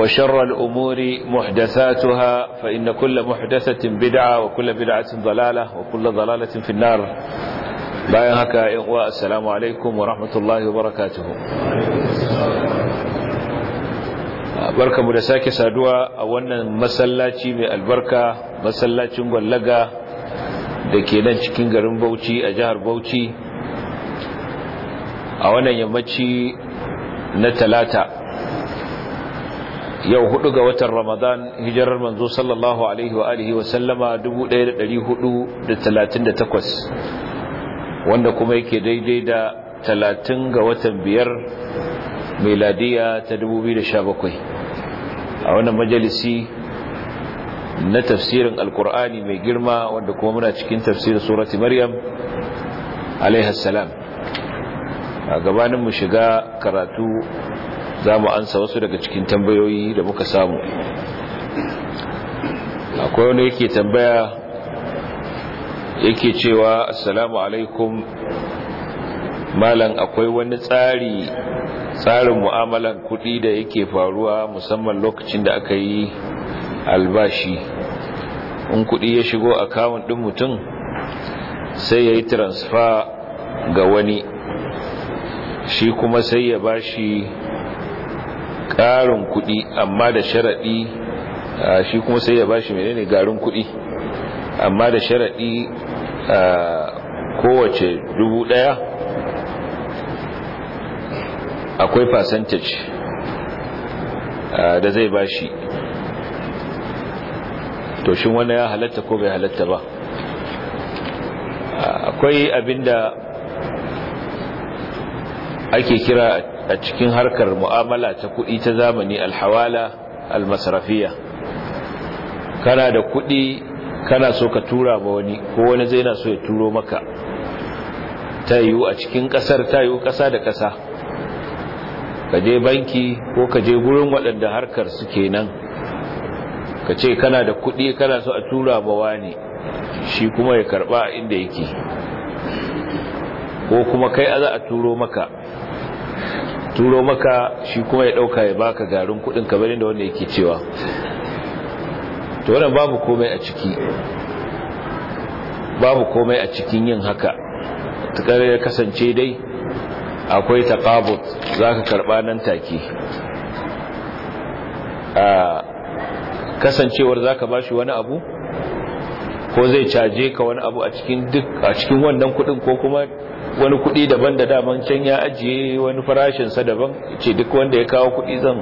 وشر الأمور محدثاتها فإن كل محدثة بدعة وكل بدعة ضلالة وكل ضلالة في النار باين uwa إغواء السلام عليكم ورحمة الله وبركاته barka mu da sake saduwa a wannan masallaci mai albarka masallacin gwallaga da ke nan cikin garin bauchi a jihar bauchi a wannan yammaci na talata yau hudu ga watan ramadan hijirar manzo sallallahu alaihi wa alihi wa sallama 1438 wanda kuma yake daidai da 30 ga watan biyar meladiya ta 2017 a wannan majalisi na tafsirin alkur'ani mai girma wanda kuma muna cikin tafsirin surati maryam alaihassalam a gabaninmu shiga karatu za mu ansa wasu daga cikin tambayoyi da muka samu akwai wani yake tambaya yake cewa assalamu alaikum malam akwai wani tsari tsarin mu'amalan kuɗi da yake faruwa musamman lokacin da aka yi albashi in kuɗi ya shigo akawun ɗin mutum sai ya yi transfer ga wani shi kuma sai ya bashi Karin kuɗi amma da sharaɗi shi kuma sai ya bashi menene garin kuɗi amma da sharaɗi kowace dubu ɗaya akwai percentage da zai bashi to shin wannan ya halatta ko bai halatta ba akwai abinda ake kira a cikin harkar mu'amala ta kuɗi ta zamani alhawala almasrafiya kana da kuɗi kana so ka tura ma wani ko wani zai na so ya turo maka ta yiwu a cikin ƙasar ta yiwu ƙasa da ƙasa ka je banki ko ka je gurin waɗanda harkar su kenan ka ce kana da kuɗi kana so a tura ma wani shi kuma ya karɓa inda yake ko kuma kai a za a turo maka turo maka shi kuma ya dauka ya baka garin kudin kamar inda wanda yake cewa to wannan babu komai a ciki babu komai a cikin yin haka tukare ya kasance dai akwai taqabut zaka karba nan take a kasancewar zaka bashi wani abu ko zai caje ka wani abu a cikin duk a cikin wannan kudin ko kuma wani kuɗi daban da daban can ya ajiye wani farashinsa daban ce duk wanda ya kawo kuɗi zan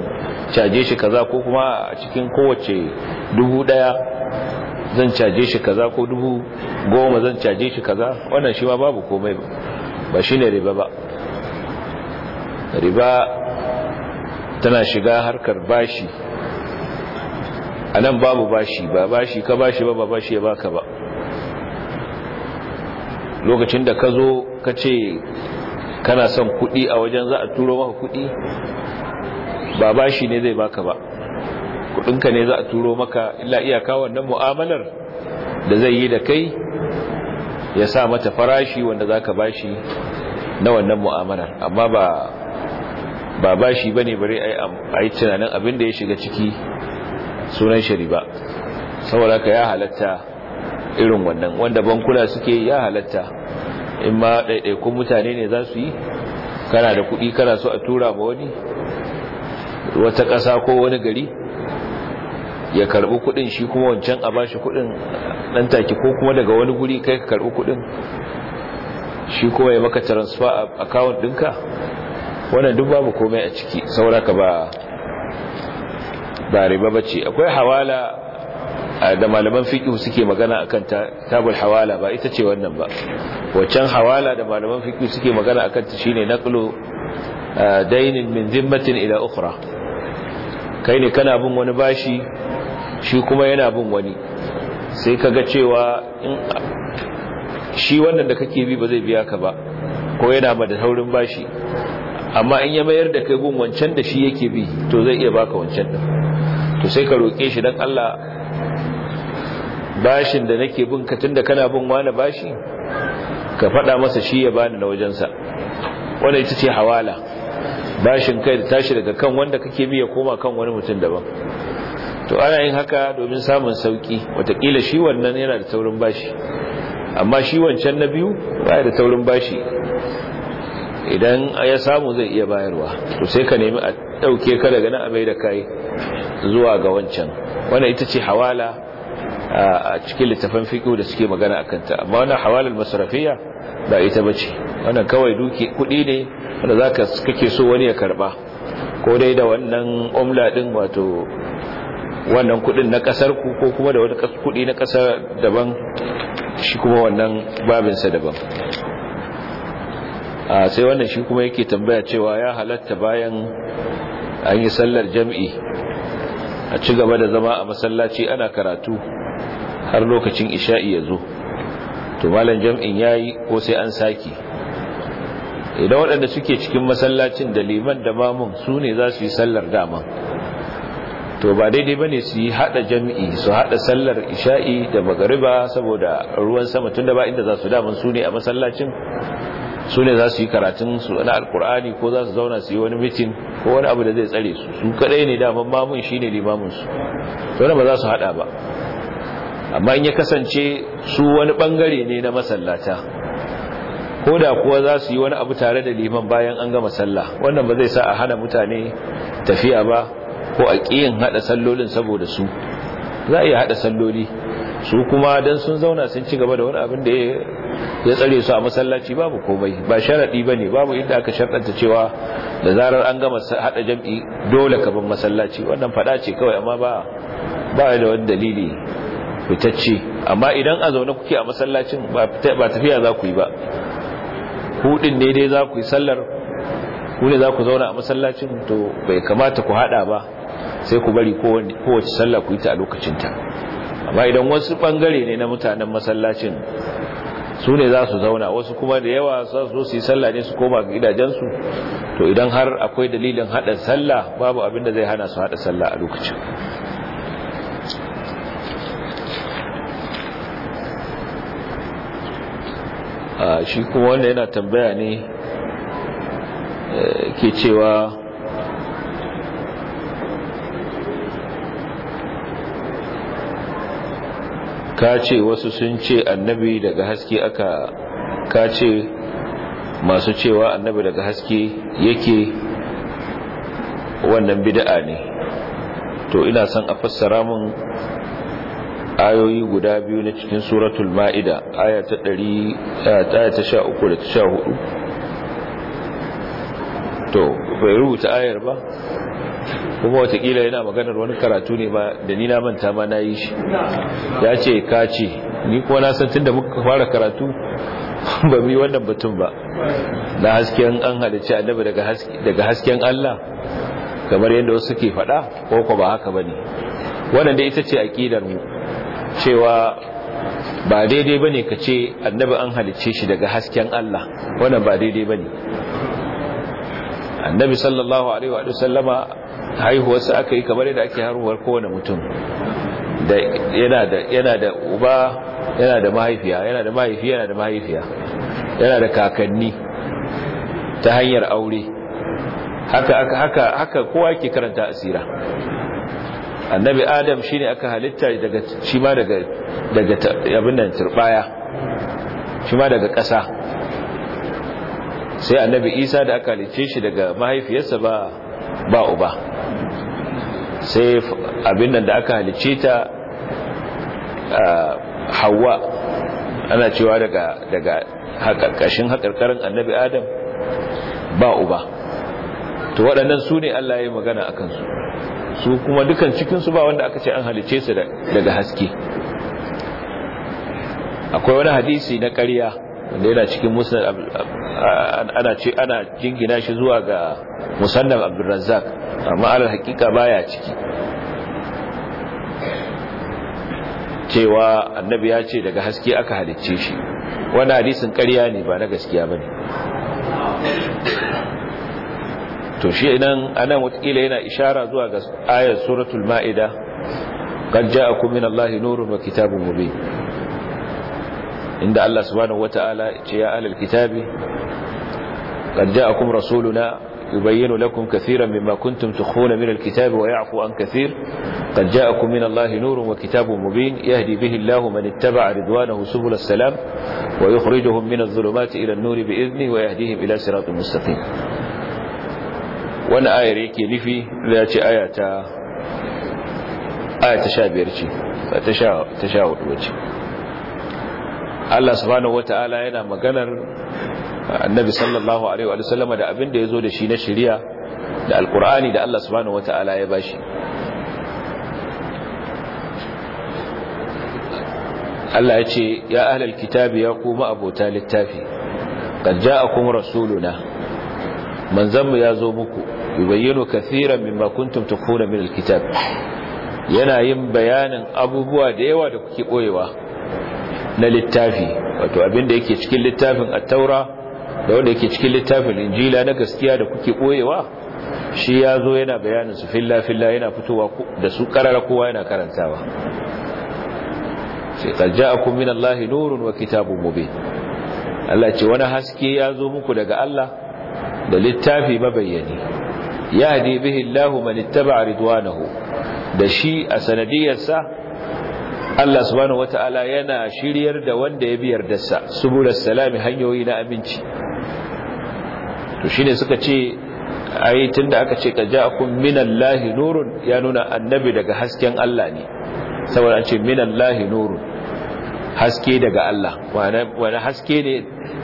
caje shi kaza ko kuma a cikin kowace dubu daya zan caje shi kaza ko dubu goma zan caje shi kaza wannan shi ma babu komai ba ba shi ne riba ba riba tana shiga harkar bashi a nan babu bashi ba bashi ka bashi ba ba bashi ya baka ba lokacin da ka zo ka ce kana son kuɗi a wajen za a turo maka kuɗi ba bashi ne zai baka ba kudinka ne za a turo maka illa iyaka wannan mu'amalar da zai yi da kai ya sa mata farashi wanda za ka bashi na wannan mu'amalar amma ba ba bashi ba ne bari a yi tunanin abin da ya shiga ciki sunan shari ba saboda ka ya halatta irin wannan wanda bankuna suke ya halatta in ma ɗaiɗaikun mutane ne za su yi kana da kuɗi kana so a tura ma wani wata ƙasa ko wani gari ya karɓi kuɗin shi kuma wancan a ba shi kuɗin ɗan taki ko kuma daga wani guri kai ka karɓi kuɗin shi kuma ya maka transfer a account ɗinka wannan duk babu komai a ciki sauraka ba ba riba ce akwai hawala da malaman fiqh suke magana akan ta tabul hawala ba ita ce wannan ba waccan hawala da malaman fiqh suke magana akan ta shine naqlu dainin min zimmatin ila ukhra kai ne kana bin wani bashi shi kuma yana bin wani sai kaga cewa in shi wannan da kake bi ba zai biya ka ba ko yana ma da taurin bashi amma in ya mayar da kai gun wancan da shi yake bi to zai iya baka wancan din to sai ka roke shi dan Allah bashin da nake bin ka tunda kana bin wani bashi ka faɗa masa shi ya bani na wajensa wanda ita ce hawala bashin kai da tashi daga kan wanda kake bi ya koma kan wani mutum daban to ana yin haka domin samun sauki watakila shi wannan yana da taurin bashi amma shi wancan na biyu baya da taurin bashi idan ya samu zai iya bayarwa to sai ka nemi a ɗauke ka daga nan a mai da kai zuwa ga wancan wannan ita ce hawala a cikin littafin fiqh da suke magana akan ta amma wannan hawalul masarafiya ba ita bace wannan kawai duki kudi ne wanda zaka kake so wani ya karba ko dai da wannan umla din wato wannan kudin na kasar ku ko kuma da wani kudi na kasar daban shi kuma wannan babin sa daban sai wannan shi kuma yake tambaya cewa ya halatta bayan an yi sallar jami'i a ci gaba da zama a masallaci ana karatu har lokacin isha'i ya zo to malam jam'in yayi ko sai an saki idan eh, waɗanda suke cikin masallacin da liman da mamun su ne za su yi sallar dama to ba daidai bane su yi hada jam'i su haɗa sallar isha'i da magariba saboda ruwan sama tunda ba inda za su damun su ne a masallacin su ne za su yi karatun su na alkur'ani ko za su zauna su yi wani mitin ko wani abu da zai tsare su su kadai ne daman mamun shi ne limaminsu ne ba za su hada ba amma in ya kasance su wani bangare ne na masallata ko da kuwa za su yi wani abu tare da liman bayan an gama sallah wannan ba zai sa a hana mutane tafiya ba ko a ƙiyin hada sallolin saboda su za a iya hada salloli su kuma don sun zauna sun ci gaba da wani abin da ya ya tsare su a masallaci babu komai ba sharadi bane babu inda aka sharɗanta cewa da zarar an gama hada jam'i dole ka bin masallaci wannan fada ce kawai amma ba ba da wani dalili fitacce amma idan a zaune kuke a masallacin ba tafiya za ku yi ba hudin ne dai za ku yi sallar ku ne za ku zauna a masallacin to bai kamata ku hada ba sai ku bari kowace sallar ku yi ta a lokacinta amma idan wasu bangare ne na mutanen masallacin su ne za su zauna wasu kuma da yawa za su su yi sallah ne su koma gidajensu to idan har akwai dalilin haɗa sallah babu abin da zai hana su haɗa sallah a lokacin shi kuma wanda yana tambaya ne eh, ke cewa ka ce wasu sun ce annabi daga haske aka ka ce masu cewa annabi daga haske yake wannan bid'a ne to ina son a fassara mun ayoyi guda biyu na cikin suratul ma'ida aya ta 100 aya ta 13 da 14 to bai rubuta ayar ba kuma watakila yana maganar wani karatu ne ba da ni na manta ma na yi shi ya ce ka ce ni kuwa na san tun da muka fara karatu ba mu yi wannan batun ba na hasken an halicci annabi daga hasken Allah kamar yadda wasu ke faɗa ko ko ba haka ne wannan da ita ce akidar mu cewa ba daidai bane ka ce annabi an halicce shi daga hasken Allah wannan ba daidai bane annabi sallallahu alaihi wa sallama haihuwarsa aka yi kamar yadda ake haruwar kowane mutum da yana da yana da uba yana da mahaifiya yana da mahaifiya yana da mahaifiya yana da kakanni ta hanyar aure haka haka haka kowa ke karanta asira annabi adam shine aka halitta daga shi ma daga daga abin nan turbaya shi ma daga ƙasa sai annabi isa da aka halitta shi daga mahaifiyarsa ba ba uba sai abin da aka halice ta hawa ana cewa daga daga hakarkashin annabi adam ba uba to waɗannan su ne Allah ya yi magana a kansu su kuma dukan cikinsu ba wanda aka ce an halice su daga haske akwai wani hadisi na ƙarya wanda yana cikin musnad ana ce ana jingina shi zuwa ga musannaf abdurrazzak amma alal hakika baya ciki cewa annabi ya ce daga haske aka halicce shi wani hadisin ƙarya ne ba na gaskiya ba ne to shi idan anan watakila yana ishara zuwa ga ayar suratul ma'ida kan ja'akum min allahi nurun wa kitabun mubin عند الله سبحانه وتعالى يا أهل الكتاب قد جاءكم رسولنا يبين لكم كثيرا مما كنتم تخفون من الكتاب ويعفو عن كثير قد جاءكم من الله نور وكتاب مبين يهدي به الله من اتبع رضوانه سبل السلام ويخرجهم من الظلمات إلى النور بإذنه ويهديهم إلى صراط مستقيم وانا آية ريكي لفي ذات آية آية تشابير تشاور وجه Allah subhanahu wata'ala yana maganar annabi sallallahu alaihi wa sallama da abin da yazo da shi na shari'a da alqur'ani da Allah subhanahu wata'ala ya bashi Allah ya ce ya ahlal kitabi ya kuma abota littafi qad ja'akum rasuluna manzanmu ya zo muku yubayyinu kathiran mimma kuntum tukhuna min alkitab yana yin bayanin abubuwa da yawa da kuke boyewa na littafi wato abinda yake cikin littafin Attaura da wanda yake cikin littafin injila na gaskiya da kuke boyewa shi ya zo yana bayanin su filla filla yana fitowa da su karara kowa yana karantawa sai qad ja'akum Minan Lahi nurun wa kitabun gobe. Allah ce wani haske ya zo muku daga Allah da littafi mabayyani Ya bihi Allahu manittaba a ridwanahu da shi a sanadiyarsa Allah subhanahu wataala yana shiryar da wanda ya biyar dasa saboda salami hanyoyi na aminci to shine suka ce ayi tunda aka ce ka ja'akum minallahi nurun ya nuna annabi daga hasken Allah ne saboda an ce minallahi nurun haske daga Allah wani haske ne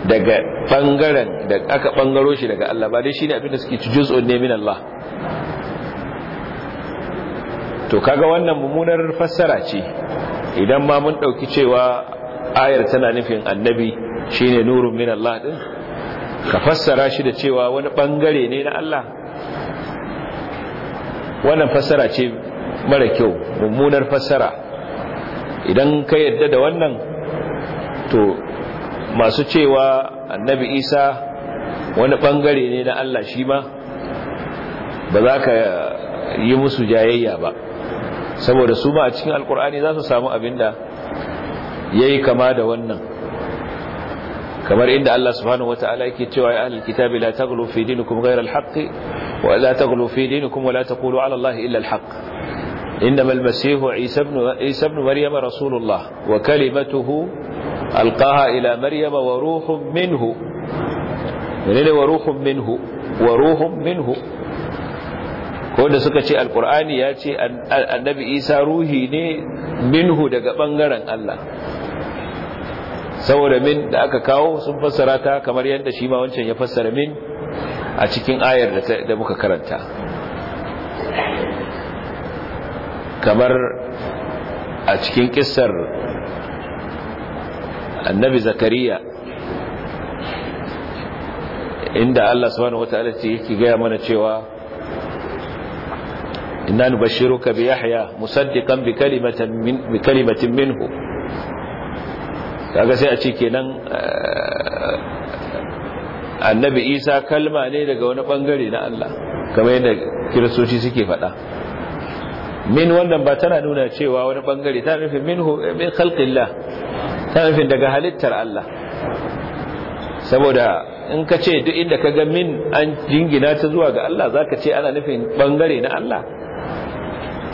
daga bangaren da aka bangaro shi daga Allah ba dai shine abin da suke ci juz'un ne min Allah to kaga wannan mummunar fassara ce idan ma mun ɗauki cewa ayar tana nufin annabi shine nurun min Allah din ka fassara shi da cewa wani bangare ne na Allah wannan fassara ce mara kyau mummunar fassara idan ka yadda da wannan to masu cewa annabi Isa wani ɓangare ne na Allah shi ma ba za ka yi musu jayayya ba saboda su ma a cikin alkur'ani za su samu abinda yayi kama da wannan kamar inda Allah subhanahu wataala yake cewa ya ahlul kitabi la taghlu fi dinikum ghayra al-haqq wa la taghlu fi dinikum wa la taqulu ala allahi illa al-haqq إنما المسيح عيسى بن, عيسى بن مريم رسول الله وكلمته ألقاها إلى مريم وروح منه منين وروح منه وروح منه ko da suka ce alkur'ani ya ce annabi isa ruhi ne minhu daga bangaren Allah saboda min da aka kawo sun fassara ta kamar yadda shi ma wancan ya fassara min a cikin ayar da muka karanta kamar a cikin kissar annabi zakariya inda Allah subhanahu wataala yake gaya mana cewa inna nubashshiruka bi yahya musaddiqan bi kalimatin min bi kalimatin minhu kaga sai a ce kenan annabi isa kalma ne daga wani bangare na Allah kamar yadda kiristoci suke faɗa min wannan ba tana nuna cewa wani bangare ta nufin minhu min khalqillah ta nufin daga halittar Allah saboda in ka ce duk inda ka ga min an jingina ta zuwa ga Allah zaka ce ana nufin bangare na Allah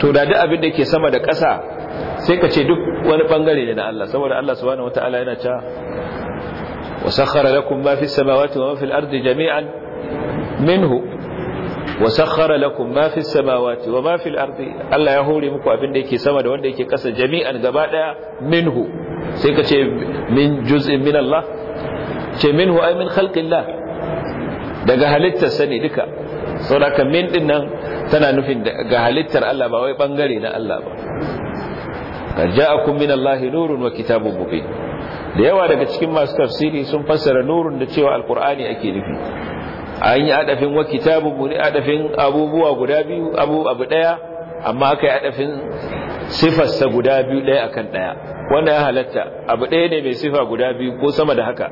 to da duk abin da ke sama da ƙasa sai ka ce duk wani bangare ne na Allah saboda Allah subhanahu wataala yana cewa wa sakhara lakum ma fi samawati wa ma fil ardi jami'an minhu wa sakhara lakum ma fi samawati wa ma fil ardi Allah ya hore muku abin da yake sama da wanda yake ƙasa jami'an gaba daya minhu sai ka ce min juz'in min Allah ce minhu ay min khalqillah daga halitta sani duka saboda min din nan tana nufin ga halittar Allah ba wai bangare na Allah ba kan ja'akum min Allah nurun wa kitabun mubin da yawa daga cikin masu tafsiri sun fassara nurun da cewa alqur'ani ake nufi an yi adafin wa kitabun muni adafin abubuwa guda biyu abu abu daya amma aka yi adafin sifarsa guda biyu ɗaya kan ɗaya wanda ya halatta abu ɗaya ne mai sifa guda biyu ko sama da haka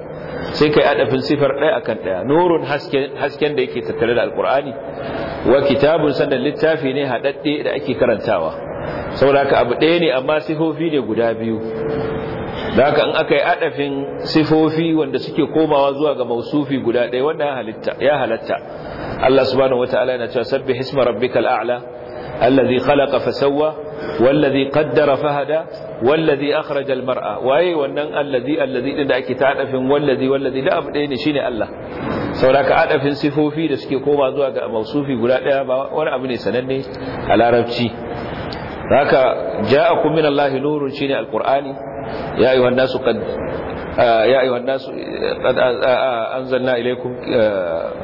sai ka yi adafin sifar ɗaya kan ɗaya nurun hasken da yake tattare da alƙur'ani wa kitabun sannan littafi ne haɗaɗɗe da ake karantawa saboda haka abu ɗaya ne amma sifofi ne guda biyu da haka in aka yi adafin sifofi wanda suke komawa zuwa ga mausufi guda ɗaya wanda ya halatta Allah subhanahu wataala yana cewa sabbih isma rabbikal a'la allazi khalaqa sawwa wallazi qaddara fahada wallazi akhraja almar'a waye wannan allazi allazi din da ake tadafin wallazi wallazi da abu ɗaya ne shine Allah sauraka adafin sifofi da suke koma zuwa ga mausufi guda ɗaya ba wani abu ne sananne a larabci haka ja'akum min Allah nurun shine alqur'ani ya ayyuhan nasu qad ya ayyuhan nasu anzalna ilaykum eh,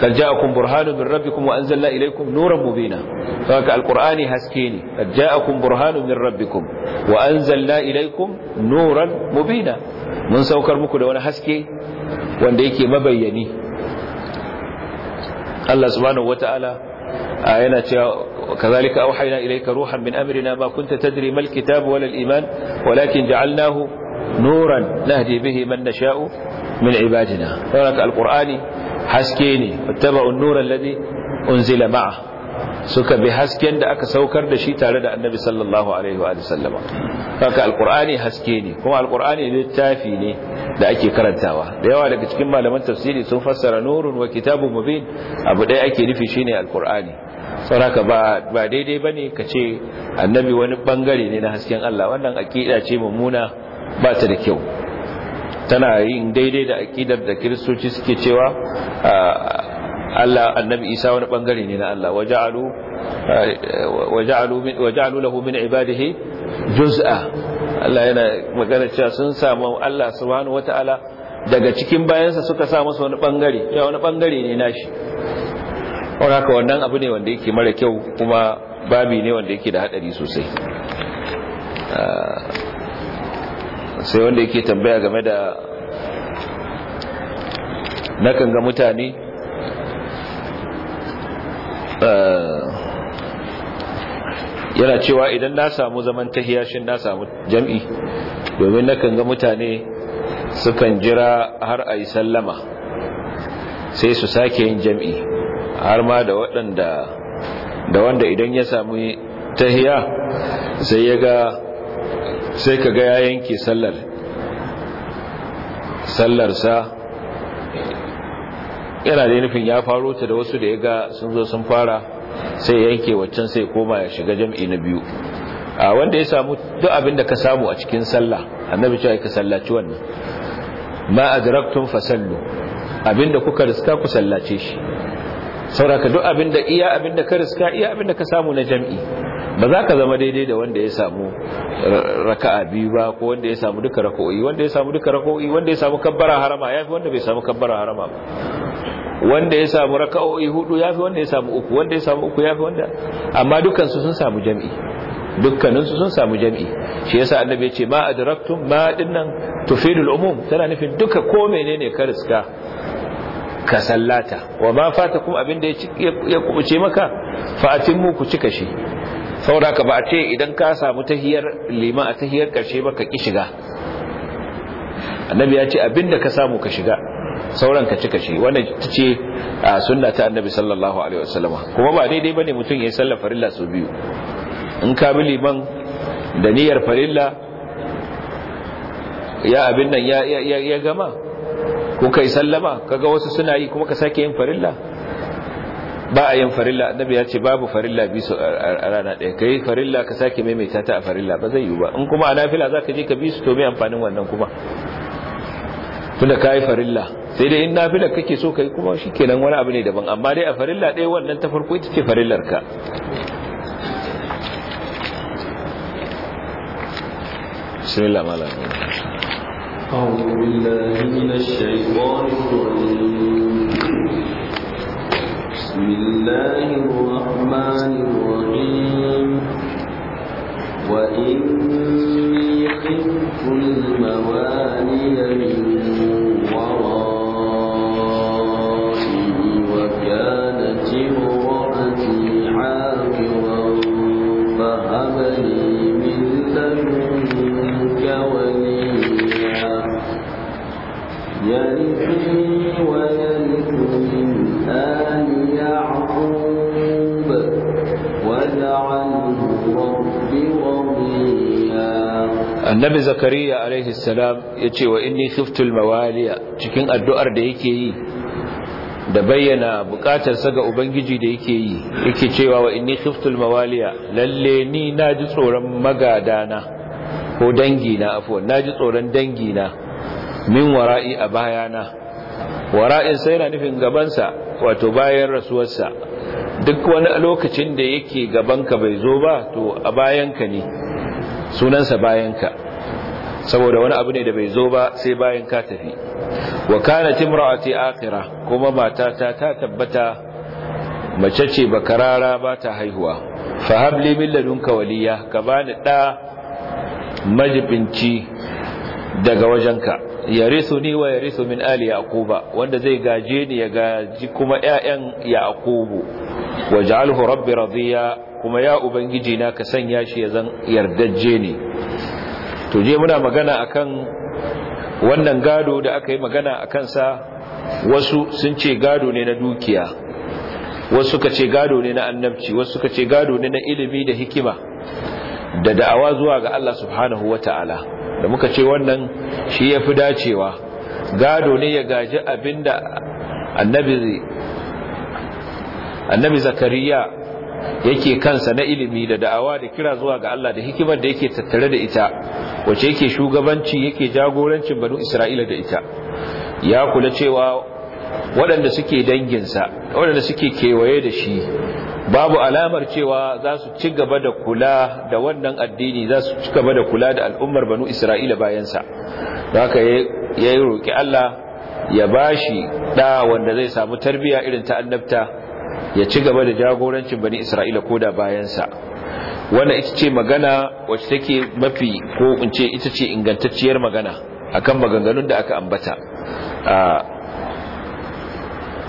kad ja'akum burhanun min rabbikum wa anzalna ilaykum nuran mubina haka alqur'ani haske ne kad ja'akum burhanun min rabbikum wa anzalna ilaykum nuran mubina mun saukar muku da wani haske wanda yake mabayyani Allah subhanahu wataala ayana cewa كذلك أوحينا إليك روحا من أمرنا ما كنت تدري ما الكتاب ولا الإيمان ولكن جعلناه نورا نهدي به من نشاء من عبادنا فهناك القرآن haske ne wattaba'un nur alladhi unzila ma'a suka bi hasken da aka saukar da shi tare da annabi sallallahu alaihi wa sallama haka alqur'ani haske ne kuma alqur'ani littafi ne da ake karantawa da yawa daga cikin malaman tafsiri sun fassara nurun wa kitabun mubin abu dai ake nufi shine alqur'ani sauraka ba ba daidai bane ce annabi wani bangare ne na hasken Allah wannan aqida ce mummuna ba ta da kyau tana yin daidai da akidar da kiristoci suke cewa Allah annabi Isa wani bangare ne na Allah waja'alu waja'alu lahu min ibadihi juz'a Allah yana magana cewa sun samu Allah subhanahu wataala daga cikin bayansa suka sa masa wani bangare ya wani bangare ne nashi haka wannan abu ne wanda yake mara kyau kuma babi ne wanda yake da hadari sosai sai wanda yake tambaya game da nakan ga mutane eh, yana cewa idan na samu zaman hiyashin na samu jam'i domin nakan ga mutane sukan jira har a yi sallama sai su sake yin jam'i har ma da waɗanda da wanda idan ya samu tahiya sai ya ga sai ka ga ya yanke sallar sallarsa yana da nufin ya faro ta da wasu da ya ga sun zo sun fara sai yanke waccan sai koma ya shiga jam'i na biyu a wanda ya samu duk abin da ka samu a cikin sallah annabi cewa ka sallaci wannan ma adraktum fasallu abinda kuka riska ku sallace shi sauraka duk abinda iya abinda ka riska iya abinda ka samu na jam'i ba za ka zama daidai da wanda ya samu raka'a biyu ba ko wanda ya samu duka raka'o'i wanda ya samu duka raka'o'i wanda ya samu kabbara harama yafi wanda bai samu kabbara harama ba wanda ya samu raka'o'i hudu yafi wanda ya samu uku wanda ya samu uku yafi wanda amma dukkan su sun samu jami'i dukkanin su sun samu jami'i shi yasa annabi ya ce ma adraktum ma dinnan tufidul umum tana nufin duka ko menene ka riska ka sallata wa ma fatakum abinda ya kubuce maka fa atimmu ku cika shi saboda ka ba a ce idan ka samu tahiyar lima a tahiyar karshe ba ka ki shiga annabi ya ce abinda ka samu ka shiga sauran ka cika shi wannan ita ce sunna ta annabi sallallahu alaihi wasallama kuma ba daidai bane mutum ya sallar farilla sau biyu in ka bi liman da niyyar farilla ya abin nan ya ya gama ko kai sallama kaga wasu suna yi kuma ka sake yin farilla ba a yin farilla annabi ya ce babu farilla bi su a rana ɗaya kai farilla ka sake maimaita ta a farilla ba zai yi ba in kuma a nafila za ka je ka bi su to mai amfanin wannan kuma tunda ka yi farilla sai dai in nafila kake so kai kuma shikenan wani abu ne daban amma dai a farilla ɗaya wannan ta farko ita ce farillar ka bismillah malam أعوذ بالله من الشيطان الرجيم بسم الله الرحمن الرحيم وإني خفت الموالي من كانت امرأتي عاقرا فهب لي من wa وليا annabi zakariya alaihi salam ya ce wa inni khiftul mawaliya cikin addu'ar da yake yi da bayyana sa ga ubangiji da yake yi yake cewa wa inni khiftul mawaliya lalle ni naji tsoron magadana ko dangi na. Na naji tsoron dangi na min wara'i a bayana wara'in sai yana nufin gabansa wato bayan rasuwarsa duk wani lokacin da yake gabanka bai zo ba to a bayanka ne sunansa bayanka saboda wani abu ne da bai zo ba sai bayan ka tafi wa kanat imra'ati akhira kuma matata ta tabbata mace ce bakarara ba ta haihuwa fa habli min ladunka waliya ka bani da majibinci daga wajenka yarisu ni wa yarisu min ali yaquba wanda zai gaje ni ya gaji kuma ƴaƴan yaqubu waj'alhu rabbi radiya kuma ya ubangiji na ka sanya shi ya zan yardajje ni. to je muna magana akan wannan gado da aka yi magana a kansa wasu sun ce gado ne na dukiya wasu suka ce gado ne na annabci wasu suka ce gado ne na ilimi da hikima da da'awa zuwa ga Allah subhanahu wata'ala da muka ce wannan shi ya fi dacewa gado ne ya gaji abinda annabi zakariya yake kansa na ilimi da da'awa da kira zuwa ga Allah da hikimar da yake tattare da ita wace yake shugabanci yake jagorancin banu Isra'ila da ita ya kula cewa waɗanda suke danginsa waɗanda suke kewaye da shi babu alamar cewa za su ci gaba da kula da wannan addini za su ci gaba da kula da al'ummar banu Isra'ila bayansa haka ya yi roƙi Allah ya bashi ɗa wanda zai samu tarbiyya irin ta annabta ya ci gaba da jagorancin bani isra'ila ko da bayansa wannan ita ce magana wacce take mafi ko in ce ita ce ingantacciyar magana akan maganganun da aka ambata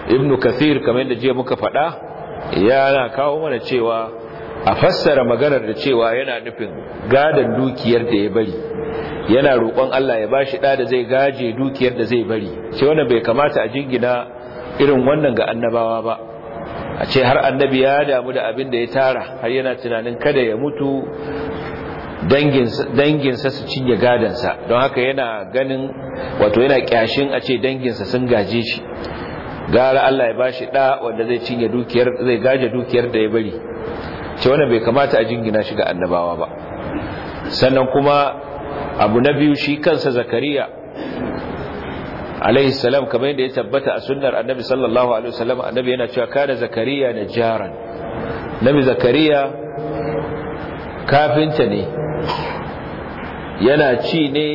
ibn kathir kamar da jiya muka faɗa yana kawo mana cewa a fassara maganar da cewa yana nufin gadon dukiyar da ya bari yana roƙon Allah ya bashi ɗa da zai gaje dukiyar da zai bari shi wannan bai kamata a jingina irin wannan ga annabawa ba a ce har annabi ya damu da abin da ya tara har yana tunanin kada ya mutu danginsa su cinye gadansa don haka yana ganin wato yana kyashin a ce danginsa sun gaje shi gara Allah ya bashi da wanda zai cinye dukiyar zai gaje dukiyar da ya bari ce wannan bai kamata a jingina shi ga annabawa ba sannan kuma abu na biyu shi kansa zakariya alaihi salam kamar yadda ya tabbata a sunnar annabi sallallahu alaihi wasallam annabi yana cewa kana zakariya da jaran nabi zakariya kafinta ne yana ci ne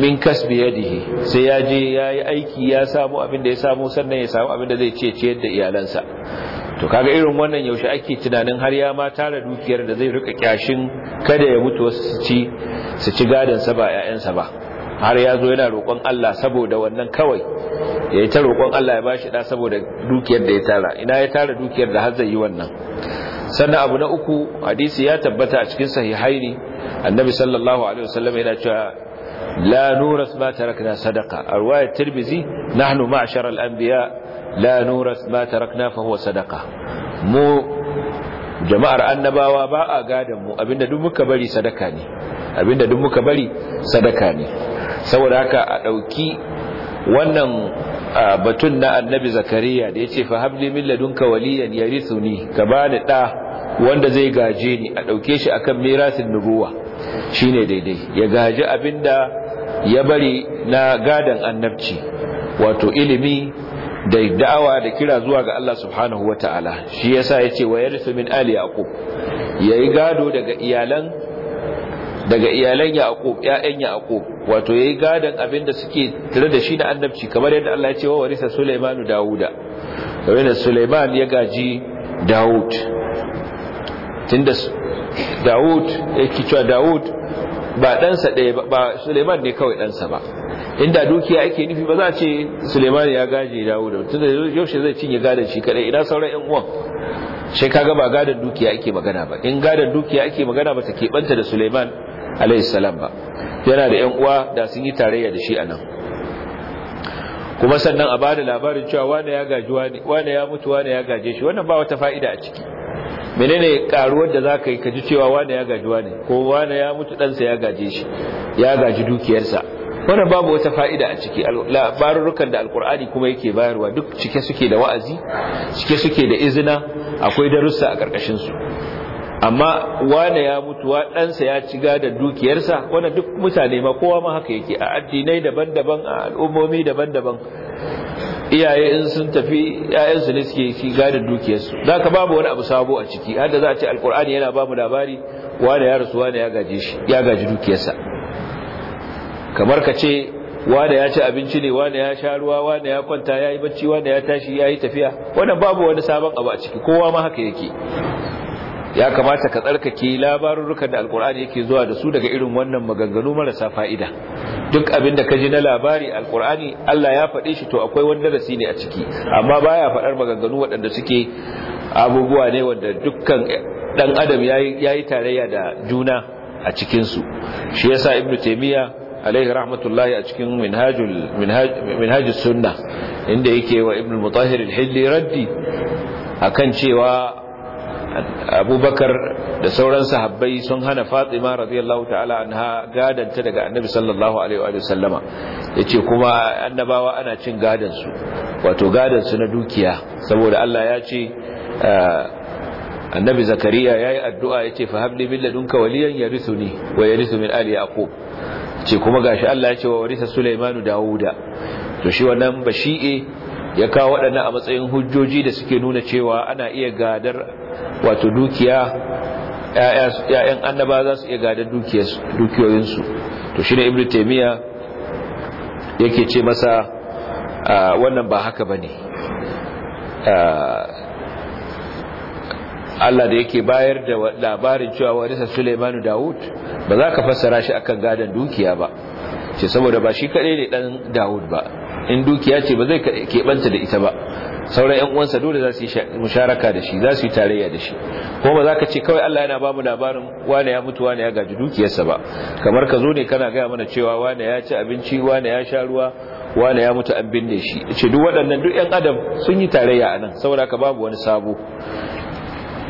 min kasbi yadihi sai ya je yayi aiki ya samu abin da ya samu sannan ya samu abin da zai ce ciyar da iyalansa to kaga irin wannan yaushe ake tunanin har ya ma tara dukiyar da zai rika kyashin kada ya mutu wasu su ci su ci gadon sa ba 'ya'yansa ba har ya zo yana roƙon Allah saboda wannan kawai ya yi ta roƙon Allah ya ba shi ɗa saboda dukiyar da ya tara ina ya tara dukiyar da har zai yi wannan sannan abu na uku hadisi ya tabbata a cikin haini annabi sallallahu alaihi wasallam yana cewa la nuras ma tarakna sadaqa a riwayat tirmizi nahnu ma'shar al-anbiya la nuras ma tarakna fa huwa sadaqa mu jama'ar annabawa ba a gadan mu abinda duk muka bari sadaka ne abinda duk muka bari sadaka ne saboda haka a ɗauki wannan batun na annabi zakariya da ya ce fa habli min ladunka waliyan ni? ka bani da wanda zai gaje ni a ɗauke shi akan mirasin nubuwa shine daidai ya gaji da ya bari na gadon annabci wato ilimi da da'awa da kira zuwa ga Allah subhanahu wataala shi yasa yace wa ya yarithu min ali yaqub yayi gado daga iyalan daga iyalan yaqub ya'en yaqub wato yayi gadan abinda suke tare da shi na annabci kamar yadda Allah ya ce wa warisa Sulaiman Dawuda kamar yadda Sulaiman ya gaji Dawud tunda Dawud yake cewa Dawud ba ɗansa ɗaya ba ba Sulaiman ne kawai sa ba inda dukiya ake nufi ba za a ce Sulaiman ya gaji Dawud tunda yaushe zai cinye gadan shi kadai ina sauran ƴan uwan sai kaga ba gadan dukiya ake magana ba in gadan dukiya ake magana ba ta keɓanta da Suleiman alaihi salam ba yana da yan uwa da sun yi tarayya da shi anan kuma sannan a bada labarin cewa wane ya gaji wane wane ya mutu wane ya gaje shi wannan ba wata fa'ida a ciki menene karuwar da zaka yi kaji cewa wane ya gaji wane ko wane ya mutu sa ya gaje shi ya gaji dukiyarsa wannan babu wata fa'ida a ciki labarurukan da alkur'ani kuma yake bayarwa duk cike suke da wa'azi cike suke da izina akwai darussa a karkashin su amma wane ya mutu wa ɗansa ya ci gada dukiyarsa wanda duk mutane ma kowa ma haka yake a addinai daban-daban a al'ummomi daban-daban iyaye in sun tafi ‘ya'yansu ne suke ci gada dukiyarsu za ka babu wani abu sabo a ciki hada za a ce alkur'ani yana ba mu labari wane ya rasu wane ya gaji dukiyarsa kamar ka ce wane ya ci abinci ne wane ya sha ruwa wane ya kwanta ya yi bacci wane ya tashi ya yi tafiya wannan babu wani sabon abu a ciki kowa ma haka yake ya kamata ka tsarkake labarurrukan da alkur'ani yake zuwa da su daga irin wannan maganganu marasa fa'ida duk abin da ka ji na labari alkur'ani Allah ya faɗe shi to akwai wani darasi ne a ciki amma baya faɗar maganganu waɗanda suke abubuwa ne wanda dukkan ɗan adam ya yi tarayya da juna a cikinsu shi yasa ibnu taimiyya alaihi rahmatullahi a cikin minhajus sunna inda yake wa ibnu mutahir al-hilli raddi akan cewa abubakar da sauran sahabbai sun hana fatima radiyallahu ta'ala anha gadanta daga annabi sallallahu alaihi wa sallama yace kuma annabawa ana cin gadan su wato gadan su na dukiya saboda Allah ya ce ah, annabi zakariya yayi addu'a yace fa habli bil ladunka waliyan yarithuni wa yarithu min ali yaqub ce kuma gashi Allah ya ce wa warisa sulaimanu dauda to shi wannan bashi'e ya kawo waɗannan a matsayin hujjoji da suke nuna cewa ana iya gadar wato dukiya ‘ya'yan annaba za su iya gadar dukiyoyinsu to shi ne Ibrahim taimiyya yake ce masa wannan ba haka ba ne Allah da yake bayar da labarin cewa warisa suleimanu Dawud ba za ka fassara shi akan gadon dukiya ba ce saboda ba shi kaɗai ne ɗan Dawud ba in dukiya ce ba zai keɓanta da ita ba sauran yan uwansa dole za su yi musharaka da shi za su yi tarayya da shi ko ba za ka ce kawai Allah yana ba mu labarin wane ya mutu wane ya gaji dukiyarsa ba kamar ka zo ne kana gaya mana cewa wane ya ci abinci wane ya sha ruwa wane ya mutu an binne shi ce duk waɗannan duk yan adam sun yi tarayya a nan saboda ka babu wani sabo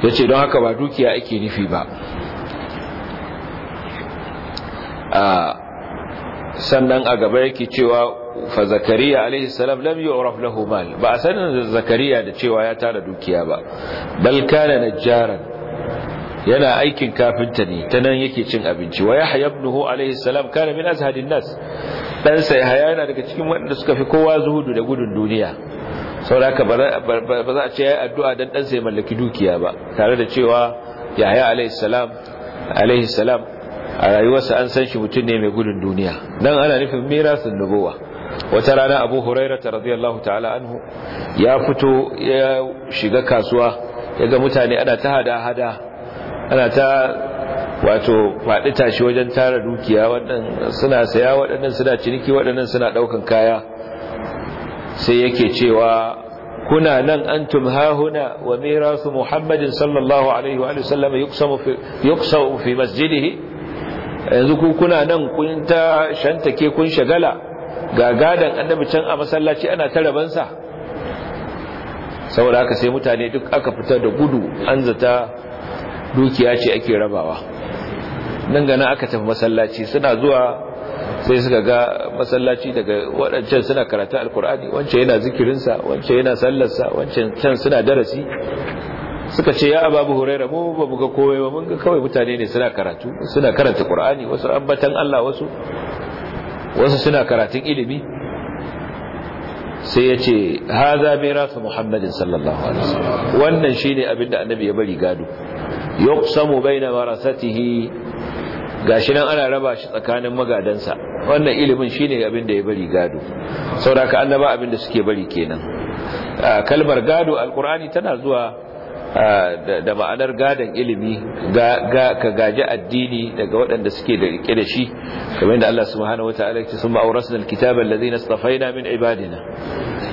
ya ce don haka ba dukiya ake nufi ba ah, sannan a gaba yake cewa fa zakariya alaihi salam lam yu'raf lahu mal ba a sanin zakariya da cewa ya tara dukiya ba bal kana najjaran yana aikin kafinta ne ta nan yake cin abinci wa yahya ibnuhu alaihi salam kana min azhadin nas dan sai haya yana daga cikin waɗanda suka fi kowa zuhudu da gudun duniya saboda haka ba za a ce yayi addu'a dan dan sai mallaki dukiya ba tare da cewa yahya alaihi salam alaihi salam a rayuwarsa an san shi mutum ne mai gudun duniya dan ana nufin mirasun nubuwa wata rana abu hurairata radiyallahu ta'ala anhu ya fito ya shiga kasuwa ya ga mutane ana ta hada-hada ana ta wato faɗi tashi wajen tara dukiya waɗannan suna saya waɗannan suna ciniki waɗannan suna ɗaukan kaya sai yake cewa kuna nan an antum hahuna wa mirasu muhammadin sallallahu alaihi wa sallam yuqsamu fi masjidihi yanzu ku kuna nan kun ta shantake kun shagala ga gadan annabi can a masallaci ana ta rabansa saboda haka sai mutane duk aka fita da gudu an zata dukiya ce ake rabawa nan gana aka tafi masallaci suna zuwa sai suka ga masallaci daga waɗancan suna karatu alkur'ani wancan yana zikirinsa wancan yana sallarsa wancan can suna darasi suka ce ya ababu huraira mu ba mu ga kowai ba mun ga kawai mutane ne suna karatu suna karanta qur'ani wasu ambatan Allah wasu wasu suna karatun ilimi sai ya ce haza mirasu muhammadin sallallahu alaihi wannan shine ne abinda annabi ya bari gado samu yuqsamu baina marasa gashi nan ana raba shi tsakanin magadansa wannan ilimin shine ne abinda ya bari gado saboda annaba abinda suke bari kenan kalmar gado alkur'ani tana zuwa da ma'anar gadon ilimi ka gaji addini daga waɗanda suke da rike da shi kamar da Allah subhanahu wataala ya ce sun ma'aurasna alkitaba allazina istafaina min ibadina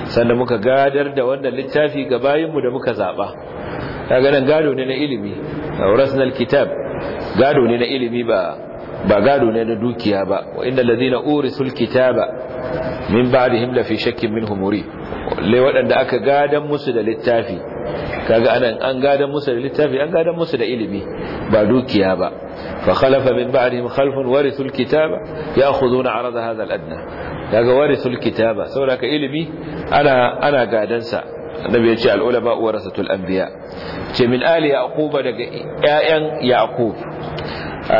sannan muka gadar da wannan littafi ga bayinmu da muka zaba kaga nan gado ne na ilimi aurasna alkitab gado ne na ilimi ba ba gado ne na dukiya ba wa innal ladina urisul kitaba min ba'dihim la fi shakkin minhu murib le waɗanda aka gadan musu da littafi kaga anan an gadan musu da littafi an gadan musu da ilimi ba dukiya ba fa khalafa min ba'dihim khalfun warithu alkitaba ya'khuduna 'arada hadha al-adna kaga warithu alkitaba saboda ka ilimi ana ana gadan sa annabi ya ce al-ulama warasatul anbiya ce min ali yaquba daga ƴaƴan yaqub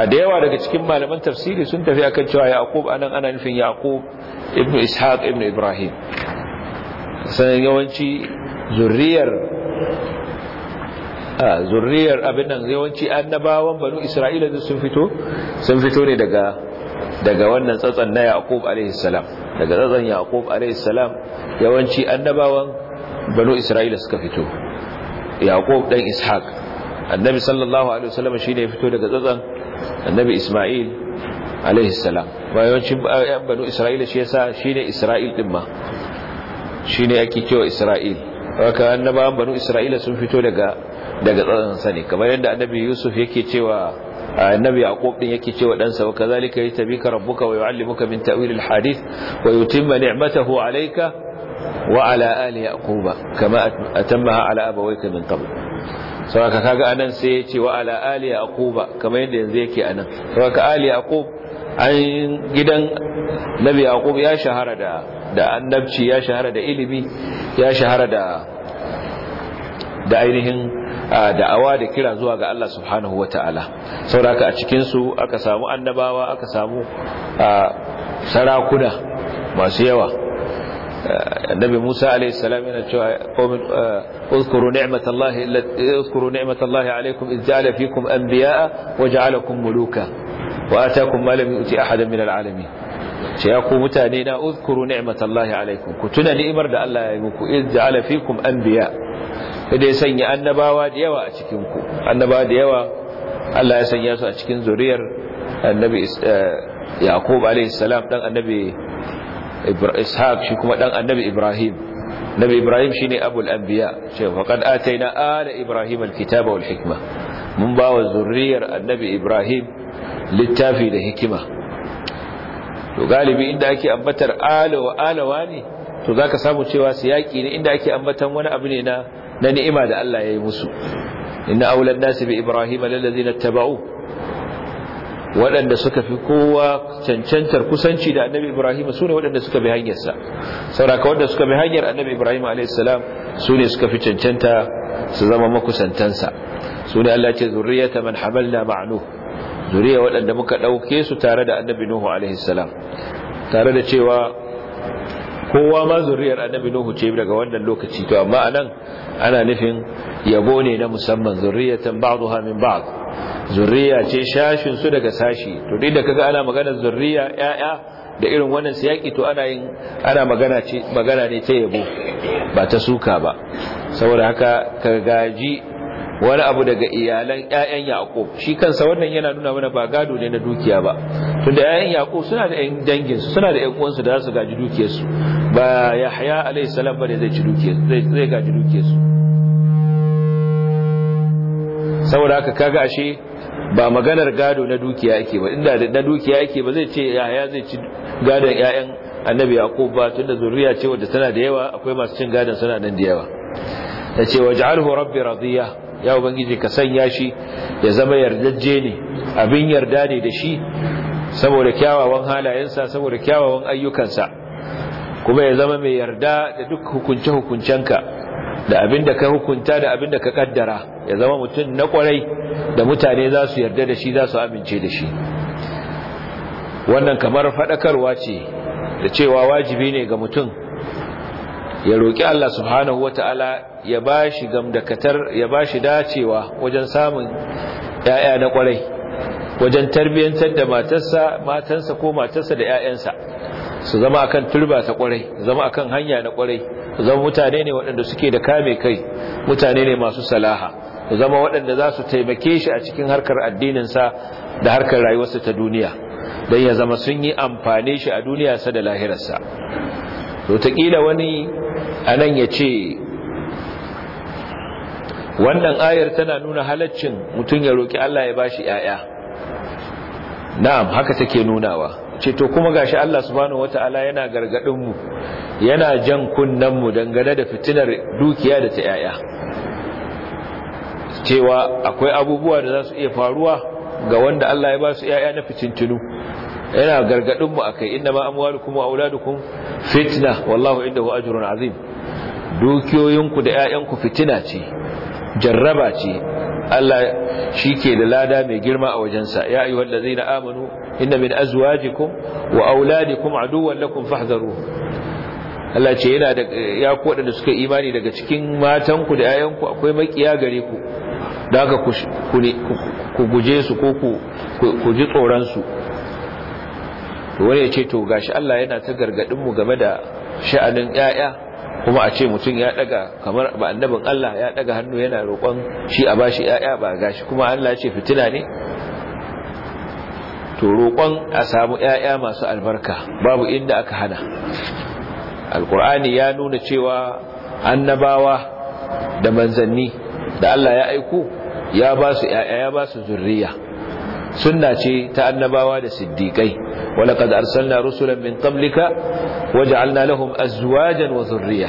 da yawa daga cikin malaman tafsiri sun tafi akan cewa yaqub anan ana nufin yaqub ibnu ishaq ibnu ibrahim sai yawanci zuriyar. a zurriyar abin nan yawanci annabawan banu isra'ila da sun fito sun fito ne daga daga wannan tsatsan na yaqub alaihi salam daga tsatsan yaqub alaihi salam yawanci annabawan banu isra'ila suka fito yaqub dan ishaq annabi sallallahu alaihi wasallam shine ya fito daga tsatsan annabi isma'il alaihi salam yawanci banu isra'ila shi yasa shine isra'il din ma shine ake cewa isra'il haka annabawan banu isra'ila sun fito daga daga tsadansa ne kamar yadda annabi yusuf yake cewa annabi yaqub din yake cewa dan sa kazalika yatabika rabbuka wa yuallimuka min ta'wil alhadith wa yutimma ni'matahu alayka wa ala ali yaquba kama atammaha ala abawayka min qabl saboda kaga anan sai yace wa ala ali yaquba kamar yadda yanzu yake anan saboda ali yaqub an gidan nabi yaqub ya shahara da da annabci ya shahara da ilimi ya shahara da da ainihin da'awa da kira zuwa ga Allah subhanahu wataala sauraka a cikin su aka samu annabawa aka samu sarakuna masu yawa annabi Musa alayhi salam yana cewa qawmin uzkuru ni'matallahi allati uzkuru ni'matallahi alaykum iz ja'ala fikum anbiya'a wa ja'alakum muluka wa malamin ma lam yuti ahadan min alalamin ce ya ku mutane na uzkuru ni'matallahi alaikum ku tuna ni'imar da Allah ya yi muku iz ja'ala fikum anbiya da ya sanya annabawa da yawa a cikin ya sanya su a cikin zuriyar annabi eh, Yaqub alaihi salam dan annabi Ishaq shi kuma dan annabi Ibrahim nabi Ibrahim shine abul anbiya ce faqad ataina ala ibrahim alkitaba wal hikma mun bawa zuriyar annabi Ibrahim littafi da hikima to galibi inda ake ambatar alawa alawa ne to zaka samu cewa siyaki ne inda ake ambatan wani abu ne na na ni'ima da Allah ya yi musu inna aulan nasi bi ibrahima lillazina tabau waɗanda suka fi kowa cancantar kusanci da annabi ibrahim su ne waɗanda suka bi hanyarsa sauraka waɗanda suka bi hanyar annabi ibrahim alaihissalam su ne suka fi cancanta su zama makusantansa su ne allah ce zurriyata man hamalna ma'anu zuriya waɗanda muka ɗauke su tare da annabi nuhu alaihi salam tare da cewa kowa ma zuriyar annabi nuhu ce daga wannan lokaci to amma anan ana nufin yabo ne na musamman zuriya zuriyatan ba'daha min ba'd zuriya ce shashin su daga sashi to duk da kaga ana magana zuriya yaya da irin wannan siyaki to ana yin ana magana ce magana ne ta yabo ba ta suka ba saboda haka ka gaji wani abu daga iyalan ƴaƴan Yaqub shi kansa wannan yana nuna mana ba gado ne na dukiya ba tunda ƴaƴan Yaqub suna da ƴan dangin su suna da ƴan su da za su gaji dukiyar su ba Yahya alayhi salam bane zai ci dukiyar zai zai gaji dukiyar su saboda haka kaga ashe ba maganar gado na dukiya yake ba inda na dukiya yake ba zai ce Yahya zai ci gadon ƴaƴan Annabi Yaqub ba tunda zuriya ce wadda tana da yawa akwai masu cin gadon suna nan da yawa ce waj'alhu rabbi radiya ya ubangiji ka sanya shi ya zama yardajje ne abin yarda ne da shi saboda kyawawan halayensa saboda kyawawan ayyukansa kuma ya zama mai yarda da duk hukunce hukuncenka da abin da ka hukunta da abin da ka kaddara ya zama mutum na kwarai da mutane za su yarda da shi za su amince da shi wannan kamar faɗakarwa ce da cewa wajibi ne ga mutum ya roƙi Allah subhanahu wata'ala ya ba shi gamdakatar ya ba shi dacewa wajen samun ‘ya'ya na ƙwarai wajen tarbiyyantar da matarsa matansa ko matarsa da ‘ya'yansa su zama kan turba ta ƙwarai zama akan hanya na ƙwarai zama mutane ne waɗanda suke da kame kai mutane ne masu salaha zama waɗanda za su taimake shi a cikin harkar addininsa da harkar rayuwarsa ta duniya don ya zama sun yi amfane shi a duniya duniyarsa da lahirarsa to taƙila wani a nan ya ce wannan ayar tana nuna halaccin mutum ya roƙi Allah ya bashi ‘ya'ya na'am haka take nunawa ce to kuma gashi Allah subhanahu wata'ala yana gargaɗinmu yana jan kunnenmu dangane da fitinar dukiya da ta ‘ya'ya cewa akwai abubuwa da za su iya faruwa ga wanda Allah ya ba su ‘ya'ya na fitintinu yana gargadin mu akai inna ma amwalukum wa auladukum fitna wallahu indahu ajrun azim dukiyoyinku da ƴaƴanku fitina ce jarraba ce Allah shike da lada mai girma a wajensa ya ayyuhal ladzina amanu inna min azwajikum wa auladikum aduwwan lakum fahdharu Allah ce yana da ya koda da suka imani daga cikin matanku da ƴaƴanku akwai makiya gare ku da haka ku guje su ko ku ji tsoron su wani ya ce to gashi Allah yana ta gargadin mu game da sha'anin yaya kuma a ce mutum ya daga kamar ba annabin Allah ya daga hannu yana roƙon shi a bashi yaya ba gashi kuma Allah ya ce fitina ne to roƙon a samu yaya masu albarka babu inda aka hana alqur'ani ya nuna cewa annabawa da manzanni da Allah ya aiko ya ba su yaya ya ba su zurriya sunna ce ta annabawa da siddiƙai wala kad arsalna rusulan min qablika waj'alna lahum azwajan wa zurriya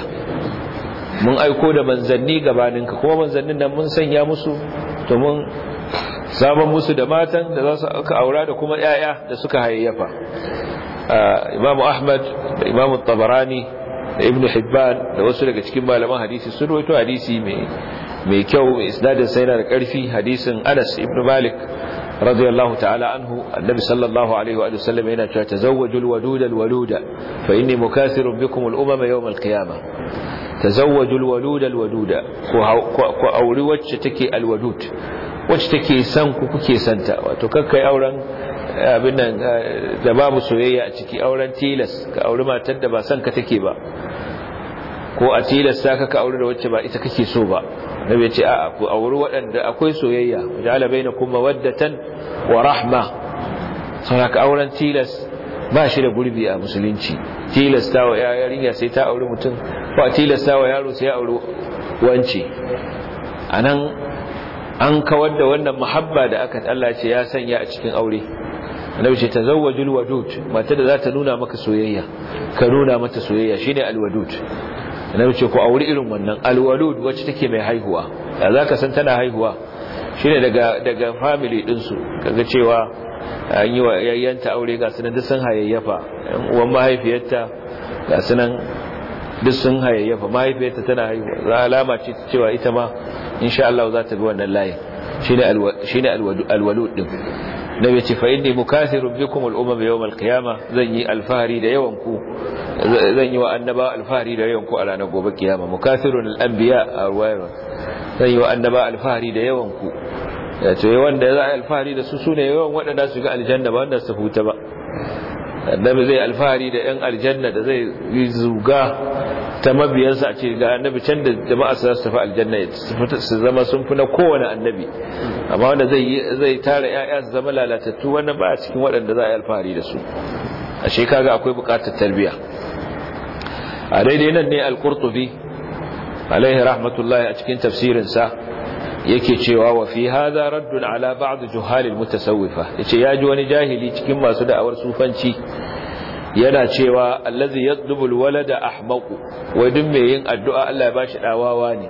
mun aiko da manzanni ka, kuma manzannin nan mun sanya musu to mun saban musu da matan da za su aka aura da kuma yaya da suka hayayyafa Imam Ahmad da Imam Tabarani da Ibn Hibban da wasu daga cikin malaman hadisi sun rawaito hadisi mai mai kyau isnadin sai da karfi hadisin Anas ibn Malik radiyallahu ta'ala anhu annabi sallallahu alaihi wa sallam yana cewa tazawwajul waduda alwaluda fa inni mukathirun bikum al-umama yawm al-qiyamah tazawwajul waluda alwaduda ku auri wacce take alwadud wacce take san ku kuke santa wato auren abin nan da babu soyayya a ciki auren tilas ka auri matar da ba ka take ba ko a tilasta ka ka da wacce ba ita kake so ba nabi ce a'a ku auri waɗanda akwai soyayya na kuma mawaddatan wa rahma saboda auren tilas ba shi da gurbi a musulunci tilasta wa yarinya sai ta auri mutum ba tilasta wa yaro sai ya auri wance anan an kawar da wannan muhabba da aka Allah ce ya sanya a cikin aure nabi ce tazawwajul wadud mata da za ta nuna maka soyayya ka nuna mata soyayya shine alwadud annabi ce ku auri irin wannan alwalud wacce take mai haihuwa da zaka san tana haihuwa shine daga daga family din su kaga cewa an yi wa yayyanta aure ga sunan duk sun hayayyafa uwan mahaifiyarta ga sunan duk sun hayayyafa mahaifiyarta tana haihuwa za alama ce cewa ita ma insha Allah za ta bi wannan layin shine alwalud din nabi ce fa inni mukathiru bikum al-umam yawm al-qiyamah zan yi alfahari da yawan ku zan yi wa annaba alfahari da yawan ku a ranar gobe kiyama al anbiya arwayo zan yi wa annaba alfahari da yawan ku ce wanda za a alfahari da su sune yawan wadanda su ga aljanna ba wanda su huta ba annabi zai alfahari da yan aljanna da zai zuga ta mabiyarsa a ce ga annabi can da jama'a su tafi aljanna su zama sun fi na kowane annabi amma wanda zai tara 'ya'ya su zama lalatattu wannan ba a cikin waɗanda za a yi alfahari da su a shekaga akwai buƙatar tarbiyya. a daidai nan ne al-qurtubi alaihi rahmatullahi a cikin tafsirinsa yake cewa wa fi hadha raddun ala ba'd juhal al-mutasawwifa yace ya ji wani jahili cikin masu da'awar sufanci yana cewa allazi yadlubul walada ahmaqu wai duk me yin addu'a Allah ya bashi dawawa ne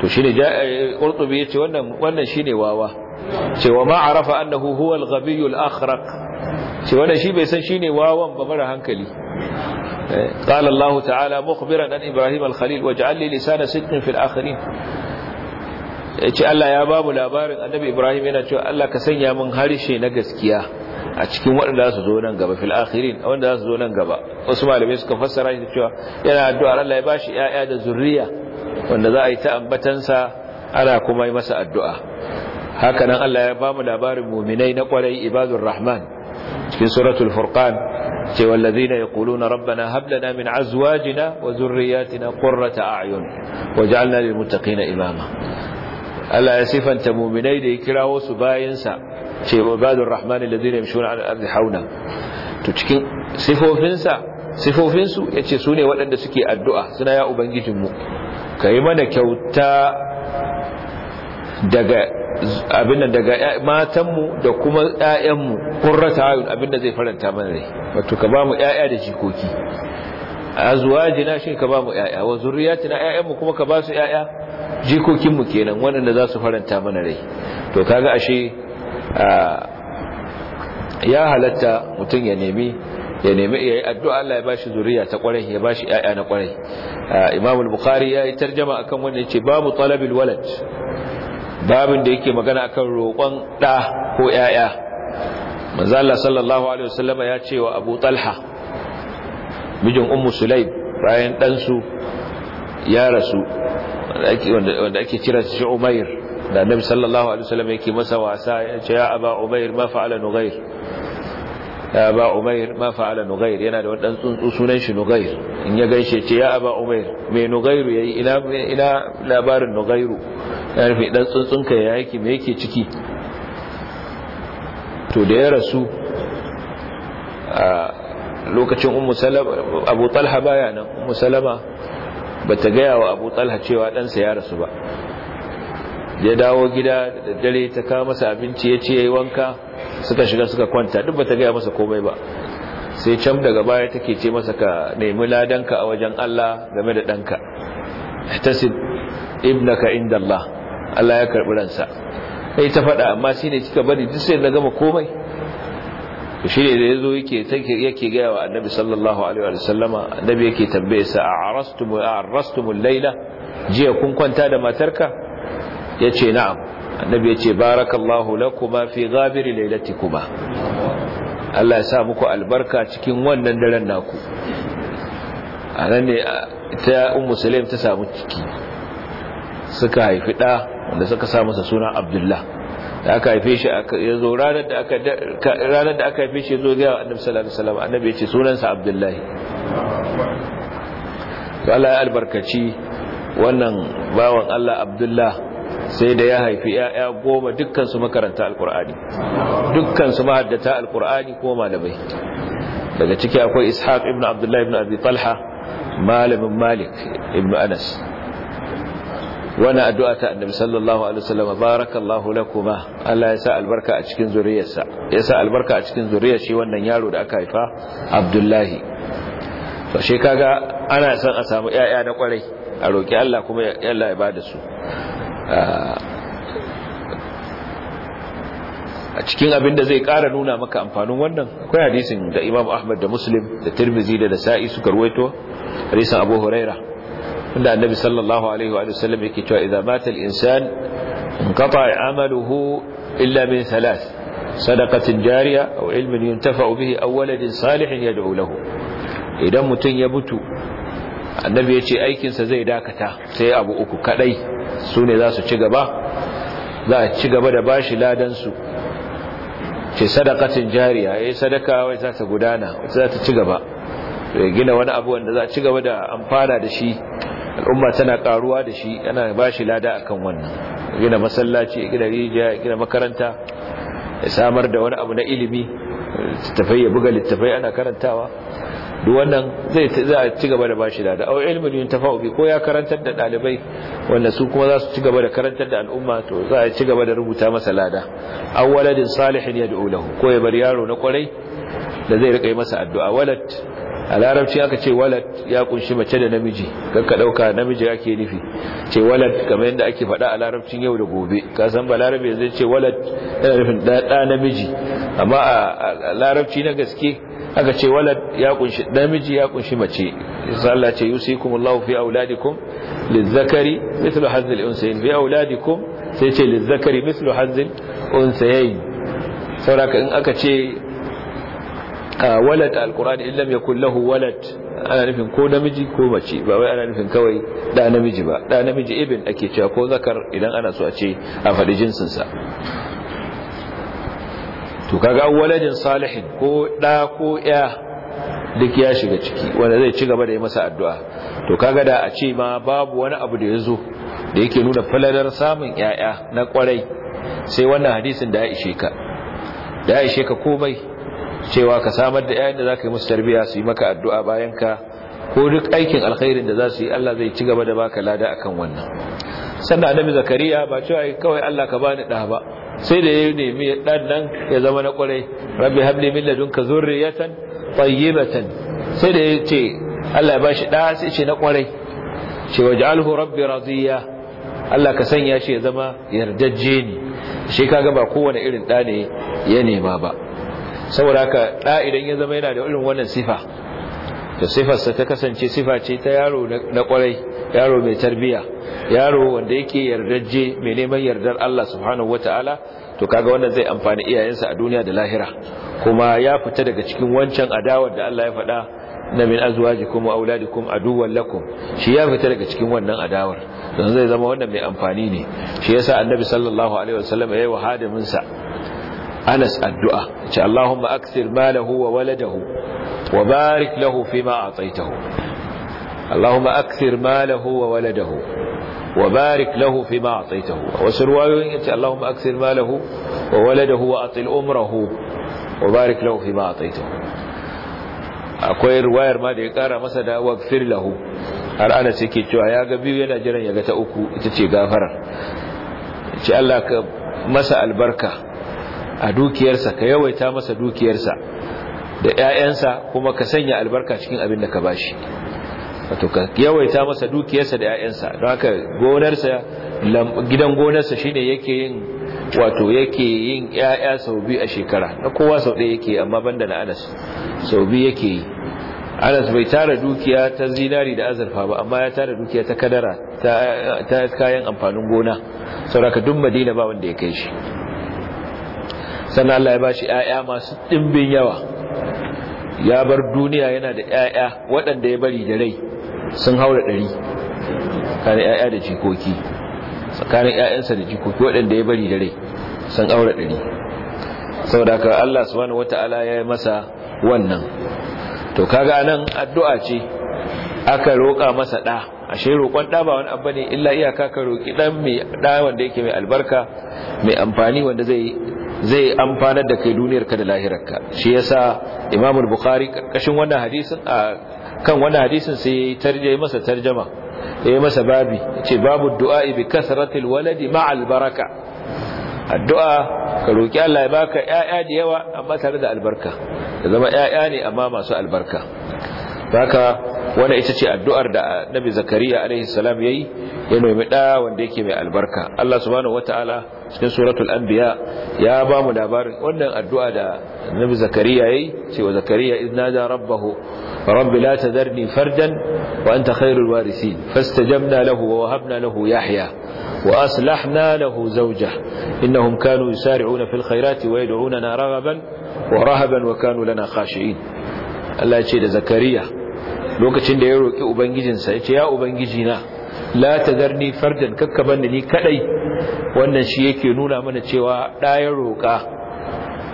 to shine eh, qurtubi yace wannan wannan shine wawa cewa ma arafa annahu huwa al-ghabiy al-akhraq ce wannan shi bai san shine wawan ba mara hankali eh, qala Allah ta'ala mukhbiran an ibrahim al-khalil waj'al li lisana sidqin fil akhirin yace Allah ya babu labarin annabi ibrahim yana cewa Allah ka sanya min harshe na gaskiya a cikin waɗanda su zo nan gaba fil akhirin wanda su zo nan gaba wasu malamai suka fassara shi cewa yana addu'ar Allah ya bashi ƴaƴa da zurriya. wanda za a yi ta ambatansa ana kuma yi masa addu'a haka nan Allah ya bamu labarin mu'minai na kwarai ibadur rahman cikin suratul furqan ce wallazina yaquluna rabbana hab lana min azwajina wa zurriyyatina qurrata a'yun waj'alna lil muttaqina imama Allah ya sifanta mu'minai da ya kirawo su bayansa ce ibadur rahmani allazina yamshuna ala al-ardi hauna to cikin sifofinsa sifofinsu yace su ne waɗanda suke addu'a suna ya ubangijinmu kai mana kyauta daga abinda daga matanmu da kuma ƴaƴanmu qurrata ayun abinda zai faranta mana rai wato ka bamu ƴaƴa da jikoki azwajina shi ka bamu ƴaƴa wa zurriyatina ƴaƴanmu kuma ka basu ƴaƴa jikokinmu kenan waɗanda za su faranta mana rai to kaga ashe ya halatta mutum ya nemi ya nemi ya yi addu'a Allah ya bashi zuriya ta ƙwarai ya bashi ‘ya'ya na ƙwarai. Imamul bukari bukhari ya yi tarjama akan wanda ya ce babu talabil walad babin da yake magana akan roƙon ɗa ko ‘ya'ya Manzala sallallahu alaihi wasallam ya ce wa Abu Talha mijin Ummu Sulaim bayan ɗansu ya rasu wanda ake kira shi Umair da nan sallallahu alaihi wasallam yake masa wasa ya ce ya aba umair ma fa'ala nugair ya aba umair ma fa'ala nugair yana da wadan tsuntsu sunan shi nugair in ya gaishe ce ya aba umair me nugairu yayi ina ina labarin nugairu ya rufe dan tsuntsun ka ya yake me yake ciki to da ya rasu a lokacin ummu salama abu talha baya nan ummu salama bata gaya wa abu talha cewa ɗansa ya rasu ba ya dawo gida da daddare ta kawo masa abinci ya ce ya wanka suka shiga suka kwanta duk ba ta gaya masa komai ba sai can daga baya take ce masa ka nemi ladanka a wajen Allah game da ɗanka ibna ibnaka inda Allah Allah ya karɓi ransa yi ta faɗa amma shi ne kika bari duk sai na gama komai shi ne da ya zo yake gaya wa annabi sallallahu alaihi wa sallama annabi yake tambaye sa a arastumul laila jiya kun kwanta da matarka ya ce na'am annabi ya ce barakallahu lakuma fi gabiri lailatikuma Allah ya sa muku albarka cikin wannan daren naku a nan ne ta ummu sulaim ta samu ciki suka haifi ɗa wanda suka sa masa suna abdullah da aka haife shi ya zo ranar da aka ranar da aka haife shi zo ga annabi sallallahu alaihi wasallam annabi ya ce sunansa abdullahi Allah ya albarkaci wannan bawan Allah abdullah sai da ya haifi ‘ya'ya goma dukkansu makaranta alkur'ani dukkansu mahaddata alkur'ani ko malamai daga ciki akwai ishaq ibn abdullahi ibn abi talha malamin malik ibn anas wani addu'a ta annabi sallallahu alaihi wasallam barakallahu lakuma Allah ya sa albarka a cikin zuriyarsa ya sa albarka a cikin zuriyar shi wannan yaro da aka haifa abdullahi to shi kaga ana son a samu ‘ya'ya na kwarai a roƙi Allah kuma Allah ya bada su a cikin abin da zai kara nuna maka amfanin wannan akwai hadisin da imam ahmad da muslim da tirmizi da nasa'i suka ruwaito hadisin abu huraira inda annabi sallallahu alaihi wa sallam yake cewa idza mata al-insan inqata amaluhu illa min thalath sadaqatin jariya aw ilmin yuntafa bihi aw waladin salihin yad'u lahu idan mutun ya mutu annabi ya ce aikinsa zai dakata sai abu uku kadai su ne za su ci gaba za a ci gaba da bashi ladansu ce sadakacin jariya ya eh sadaka wai za ta gudana wata za ta ci gaba ya gina wani abu wanda za a ci gaba da amfana da shi al'umma tana karuwa da shi yana bashi shi lada akan wannan gina masallaci gina rijiya gina makaranta ya samar da wani abu na ilimi littafai ya buga littafai ana karantawa duk wannan zai za a ci gaba da bashi da au ilmin yuntafa'u tafawuki ko ya karantar da dalibai wanda su kuma za su ci gaba da karantar da al'umma to za a ci gaba da rubuta masa lada aw waladin salihin yad'u lahu ko ya bar yaro na kwarai da zai rika masa addu'a walad a larabci aka ce walad ya kunshi mace da namiji kan ka dauka namiji ake nufi ce walad kamar yadda ake faɗa a larabcin yau da gobe ka san ba larabe zai ce walad yana nufin ɗa namiji amma a larabci na gaske aka ce walad ya kunshi namiji ya kunshi mace Allah ce Allah fi auladikum lizakari mithlu hazzil unsayin fi auladikum sai ce lizakari mithlu hazzil unsayin saboda in aka ce walad alqur'ani illam yakul lahu walad ana nufin ko namiji ko mace ba wai ana nufin kawai da namiji ba da namiji ibn ake cewa ko zakar idan ana so a ce a faɗi jinsin sa to kaga waladin salihin ko da ko ya duk ya shiga ciki wanda zai ci gaba da yi masa addu'a to kaga da a ce ma babu wani abu da yazo da yake nuna falalar samun yaya na kwarai sai wannan hadisin da ya isheka da ya isheka komai cewa ka samar da yayin da zaka yi musu tarbiya su yi maka addu'a bayan ka ko duk aikin alkhairin da za su yi Allah zai ci gaba da baka lada akan wannan sannan annabi zakariya ba cewa kawai Allah ka bani da ba sai da ya nemi dan nan ya zama na kwarai rabbi habli min ladunka zurriyatan tayyibatan sai da ya ce Allah ya bashi da sai ce na kwarai ce waj'alhu rabbi radiya Allah ka sanya shi ya zama yardajje ne shi kaga ba kowane irin ɗa ne ya nema ba saboda haka da idan ya zama yana da irin wannan sifa to sifarsa ta kasance sifa ce ta yaro na kwarai yaro mai tarbiya yaro wanda yake yardajje mai neman yardar Allah subhanahu wataala to kaga wannan zai amfani iyayensa a duniya da lahira kuma ya fita daga cikin wancan adawar da Allah ya faɗa na min azwajikum wa auladikum aduwwan lakum shi ya fita daga cikin wannan adawar don zai zama wannan mai amfani ne shi yasa annabi sallallahu alaihi wasallam yayi wahadin sa anas addu'a ce Allahumma aksir malahu wa waladahu wa barik lahu a ataitahu Allahumma aksir malahu wa waladahu wa barik lahu a fima A wasu ruwayoyin yace Allahumma aksir malahu wa waladahu wa atil umrahu wa barik lahu a ataitahu akwai ruwayar ma da ya kara masa da waghfir lahu har ana ke cewa ya ga biyu yana jiran ya ga ta uku ita ce gafarar ce Allah ka masa albarka a dukiyarsa ka yawaita masa dukiyarsa da 'ya'yansa kuma ka sanya albarka cikin abin da ka bashi wato ka yawaita masa dukiyarsa da 'ya'yansa don haka gonarsa gidan gonarsa shine yake yin wato yake yin 'ya'ya sau biyu a shekara na kowa sau ɗaya yake amma banda na Anas sau biyu yake yi Anas bai tara dukiya ta zinari da azurfa ba amma ya tara dukiya ta kadara ta kayan amfanin gona ka duk Madina ba wanda ya kai shi sannan Allah ya ba shi ‘ya'ya masu ɗimbin yawa ya bar duniya yana da ‘ya'ya waɗanda ya bari da rai sun haura ɗari tsakanin ‘ya'ya da jikoki tsakanin ‘ya'yansa da jikoki waɗanda ya bari da rai sun haura ɗari saboda ka Allah Wata wata'ala ya yi masa wannan to kaga nan addu'a ce aka roƙa masa ɗa shi roƙon ɗa ba wani abu ne illa iyaka ka roƙi ɗan mai ɗa wanda yake mai albarka mai amfani wanda zai zai amfanar da kai duniyarka da lahirarka shi yasa Imam bukhari karkashin wannan hadisin a kan wannan hadisin sai ya tarje masa tarjama yayi masa babi yace babu du'a bi kasratil waladi ma'al baraka addu'a ka roki Allah ya baka ƴaƴa da yawa amma tare da albarka zama ƴaƴa ne amma masu albarka haka wannan ita ce addu'ar da Nabi Zakariya alaihi salam yayi ya nemi da wanda yake mai albarka Allah subhanahu wataala cikin suratul anbiya ya ba mu labarin wannan addu'a da Nabi Zakariya yayi cewa Zakariya iznada rabbahu rabbi la tadarni fardan wa anta khairul warithin fastajabna lahu wa wahabna lahu yahya wa aslahna lahu zawjah innahum kanu yusari'una fil khairati wa yad'unana raghaban wa rahaban wa kanu lana khashi'in Allah ya ce da Zakariya lokacin da ya roki ubangijinsa ya ce ya ubangijina la ta zarni fardin kakkaban ni kadai wannan shi yake nuna mana cewa ɗa ya roƙa.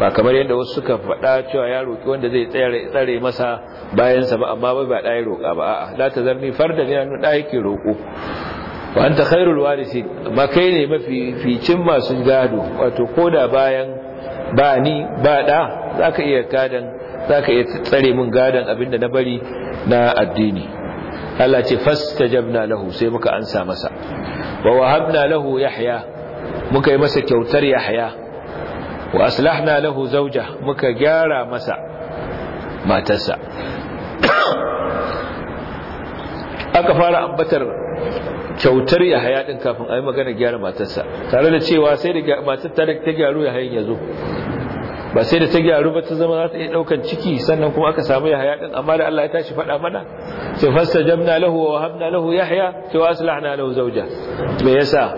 ba kamar yadda wasu suka faɗa cewa ya roƙi wanda zai tsare masa bayansa ba amma ba ɗa ya roƙa ba a'a la zarni fardin yana nuna da yake roko wa ta khairul warisin ma kai ne mafi ficin masu gado wato ko da bayan ba ni ba za zaka iya kadan za ka iya tsare min gadon abin da na bari na addini Allah ce jabna lahu sai muka ansa masa wa wahabna lahu yahya muka yi masa kyautar yahya wa aslahna lahu zawja muka gyara masa matarsa aka fara ambatar kyautar yahaya din kafin a yi magana gyara matarsa tare da cewa sai da matar ta gyaro yahayin ya zo ba sai da ta gyaru ba ta zama za ta iya daukan ciki sannan kuma aka samu yahaya din amma da Allah ya tashi faɗa mana sai jamna lahu wa habna lahu yahya to aslahna lahu zawja me yasa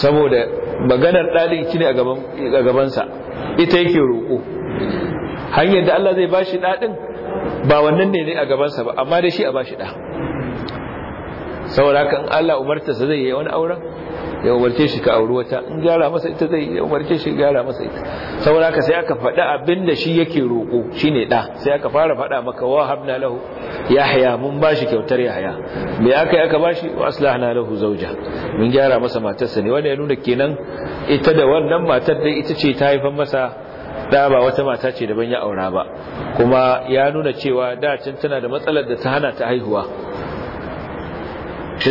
saboda maganar dalin ne a gaban a gaban sa ita yake roko hanyar da Allah zai bashi dadin ba wannan ne ne a gaban sa ba amma da shi a bashi da saboda kan Allah umarta sa zai yi wani auren ya umarce shi ka auri wata in gyara masa ita zai ya umarce shi gyara masa ita saboda haka sai aka faɗi abin da shi yake roƙo shine ɗa sai aka fara faɗa maka wa habna lahu yahya mun bashi kyautar yahya me aka yi aka bashi wa aslahna lahu zauja mun gyara masa matarsa ne wanda ya nuna kenan ita da wannan matar dai ita ce ta haifar masa da ba wata mata ce da ban ya aura ba kuma ya nuna cewa da can tana da matsalar da ta hana ta haihuwa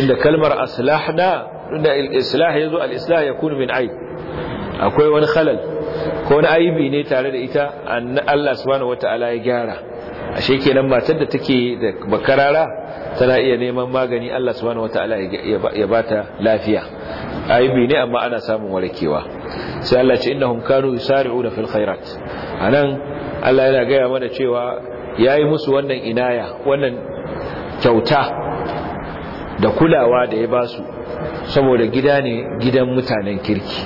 da kalmar aslahna da al-islah yazo al-islah yakunu min aib akwai wani khalal ko wani aibi ne tare da ita Allah subhanahu wataala ya gyara ashe kenan matar da take da bakarara tana iya neman magani Allah subhanahu wataala ya bata lafiya aibi ne amma ana samun warkewa sai Allah ce innahum kanu yusari'u fil khairat anan Allah yana gaya mana cewa yayi musu wannan inaya wannan kyauta da kulawa da ya basu saboda gida ne gidan mutanen kirki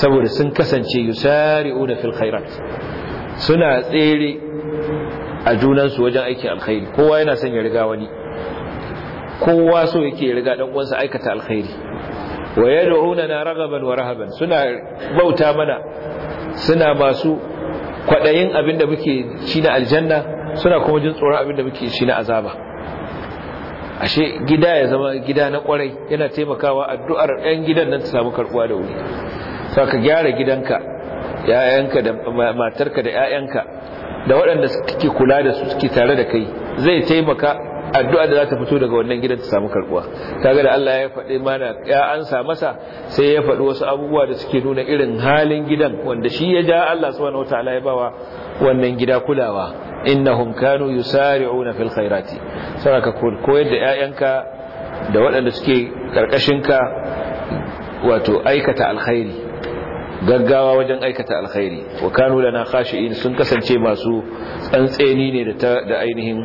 saboda sun kasance yusari'una fil khairat suna tsere a junansu wajen aikin alkhairi kowa yana son ya riga wani kowa so yake ya riga dan uwansa aikata alkhairi wa na ragaban wa rahaban suna bauta mana suna masu kwadayin abinda muke shi na aljanna suna kuma jin tsoron abinda muke shi na azaba ashe gida ya zama gida na kwarai yana taimakawa addu'ar ɗan gidan nan ta samu karɓuwa da wuri sa ka gyara gidanka ‘ya'yanka da matarka da ‘ya'yanka da waɗanda suke kula da su suke tare da kai zai taimaka addu'a da za ta fito daga wannan gidan ta samu karɓuwa kaga da Allah ya faɗi mana ya ansa masa sai ya faɗi wasu abubuwa da suke nuna irin halin gidan wanda shi ya ja Allah subhanahu wataala ya bawa wannan gida kulawa innahum kanu yusari'una fil khairati saboda ka koyar da ƴaƴanka da waɗanda suke ka wato aikata alkhairi gaggawa wajen aikata alkhairi wa kanu lana khashi'in sun kasance masu tsantseni ne da da ainihin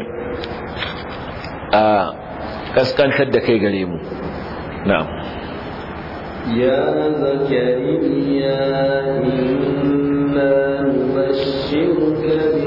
a kaskantar da kai gare mu na'am ya zakariya inna nubashshiruka bi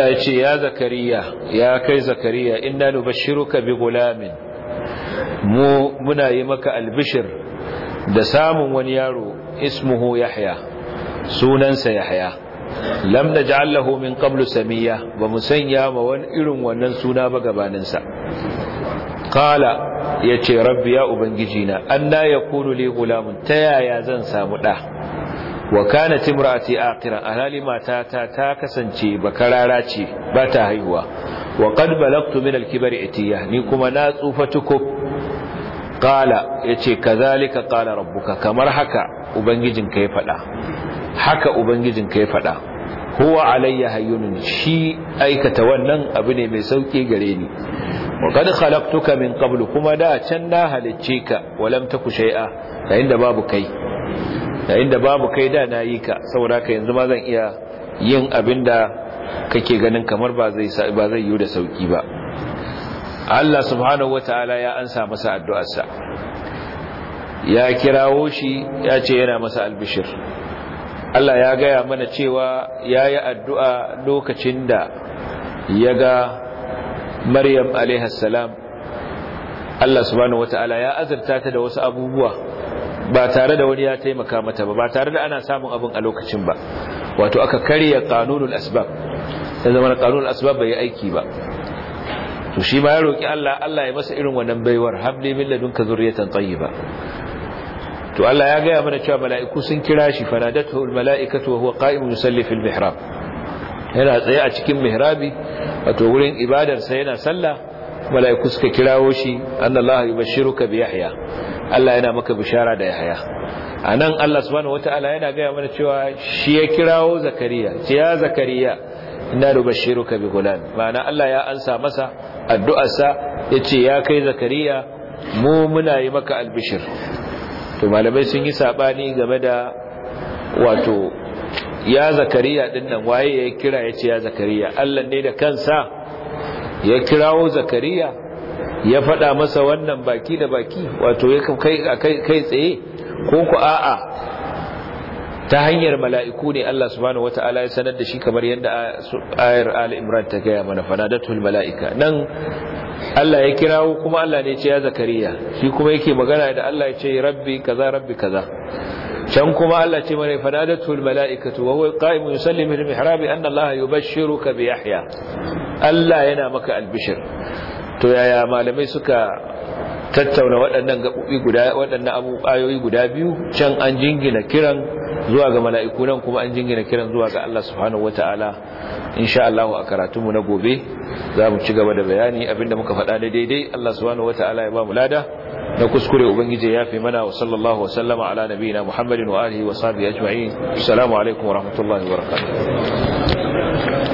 Allah ya ce ya zakariya ya kai zakariya shiru ka bi gulamin mu muna yi maka albishir da samun wani yaro ismuhu yahya sunansa yahya lam da lahu min qablu samiya ba mu sanya ma wani irin wannan suna ba gabaninsa. sa ya yace rabbi ya ubangiji na anna kunu li gulamin ta yaya zan samu ɗa? wa kana timra'ati aqiran alhali mata ta ta kasance bakarara ce ba ta haihuwa wa qad balagtu min al-kibari ni kuma na tsufa tuko qala yace kazalika qala rabbuka kamar haka ubangijinka ya fada haka ubangijin ya fada huwa alayya hayyun shi aikata wannan abu ne mai sauki gare ni wa qad khalaqtuka min qablu kuma da can na halicce ka walam taku shay'a kayin da babu kai yayin da babu kai da na yi ka saboda ka yanzu ma zan iya yin abin da kake ganin kamar ba zai ba zai yi da sauki ba Allah subhanahu wataala ya ansa masa addu'arsa ya kirawo shi ya ce yana masa albishir Allah ya gaya mana cewa ya yi addu'a lokacin da ya ga Maryam alaihassalam Allah subhanahu wata'ala ya azurta ta da wasu abubuwa ba tare da wani ya taimaka mata ba ba tare da ana samun abin a lokacin ba wato aka karya kanunul asbab sai zama kanunul asbab bai aiki ba to shi ma ya roki Allah Allah ya masa irin wannan baiwar habli min ladunka zurriyatan tayyiba to Allah ya gaya mana cewa mala'iku sun kira shi fanadatuhu almala'ikatu wa huwa qa'imun yusalli fil mihrab yana tsaye a cikin mihrabi wato wurin ibadar sa yana sallah mala'iku suka kirawo shi annallaha yubashshiruka bi yahya Allah yana maka bishara da Yahaya A nan Allah subhanahu wataala yana gaya mana cewa shi ya kirawo Zakariya ce ya Zakariya shiru ka bi gulam ma'ana Allah ya ansa masa addu'arsa yace ya kai Zakariya mu muna yi maka albishir to malamai sun yi saɓani game da wato ya Zakariya nan waye ya kira ya ya Zakariya Allah ne da kansa ya kirawo Zakariya ya faɗa masa wannan baki da baki wato ya kai tsaye ko ku a'a ta hanyar mala'iku ne Allah subhanahu wata'ala ya sanar da shi kamar yadda ayar al'imran ta gaya mana fanadatul mala'ika nan Allah ya kirawo kuma Allah ne ce ya zakariya shi kuma yake magana da Allah ya ce rabbi kaza rabbi kaza can kuma Allah ce mana fanadatul mala'ikatu wa huwa qa'imun yusallimu fil mihrabi anna Allah yubashshiruka bi Yahya Allah yana maka albishir to yaya malamai suka tattauna waɗannan gaɓoɓi guda waɗannan ayoyi guda biyu can an jingina kiran zuwa ga mala'iku nan kuma an jingina kiran zuwa ga Allah subhanahu wata'ala insha Allah a karatunmu na gobe za mu ci gaba da bayani abinda muka faɗa da daidai Allah subhanahu wata'ala ya ba mu lada na kuskure ubangiji ya fi mana wa sallallahu wasallama ala nabiyina Muhammadin wa alihi wa sahbihi ajma'in assalamu alaikum wa rahmatullahi wa barakatuh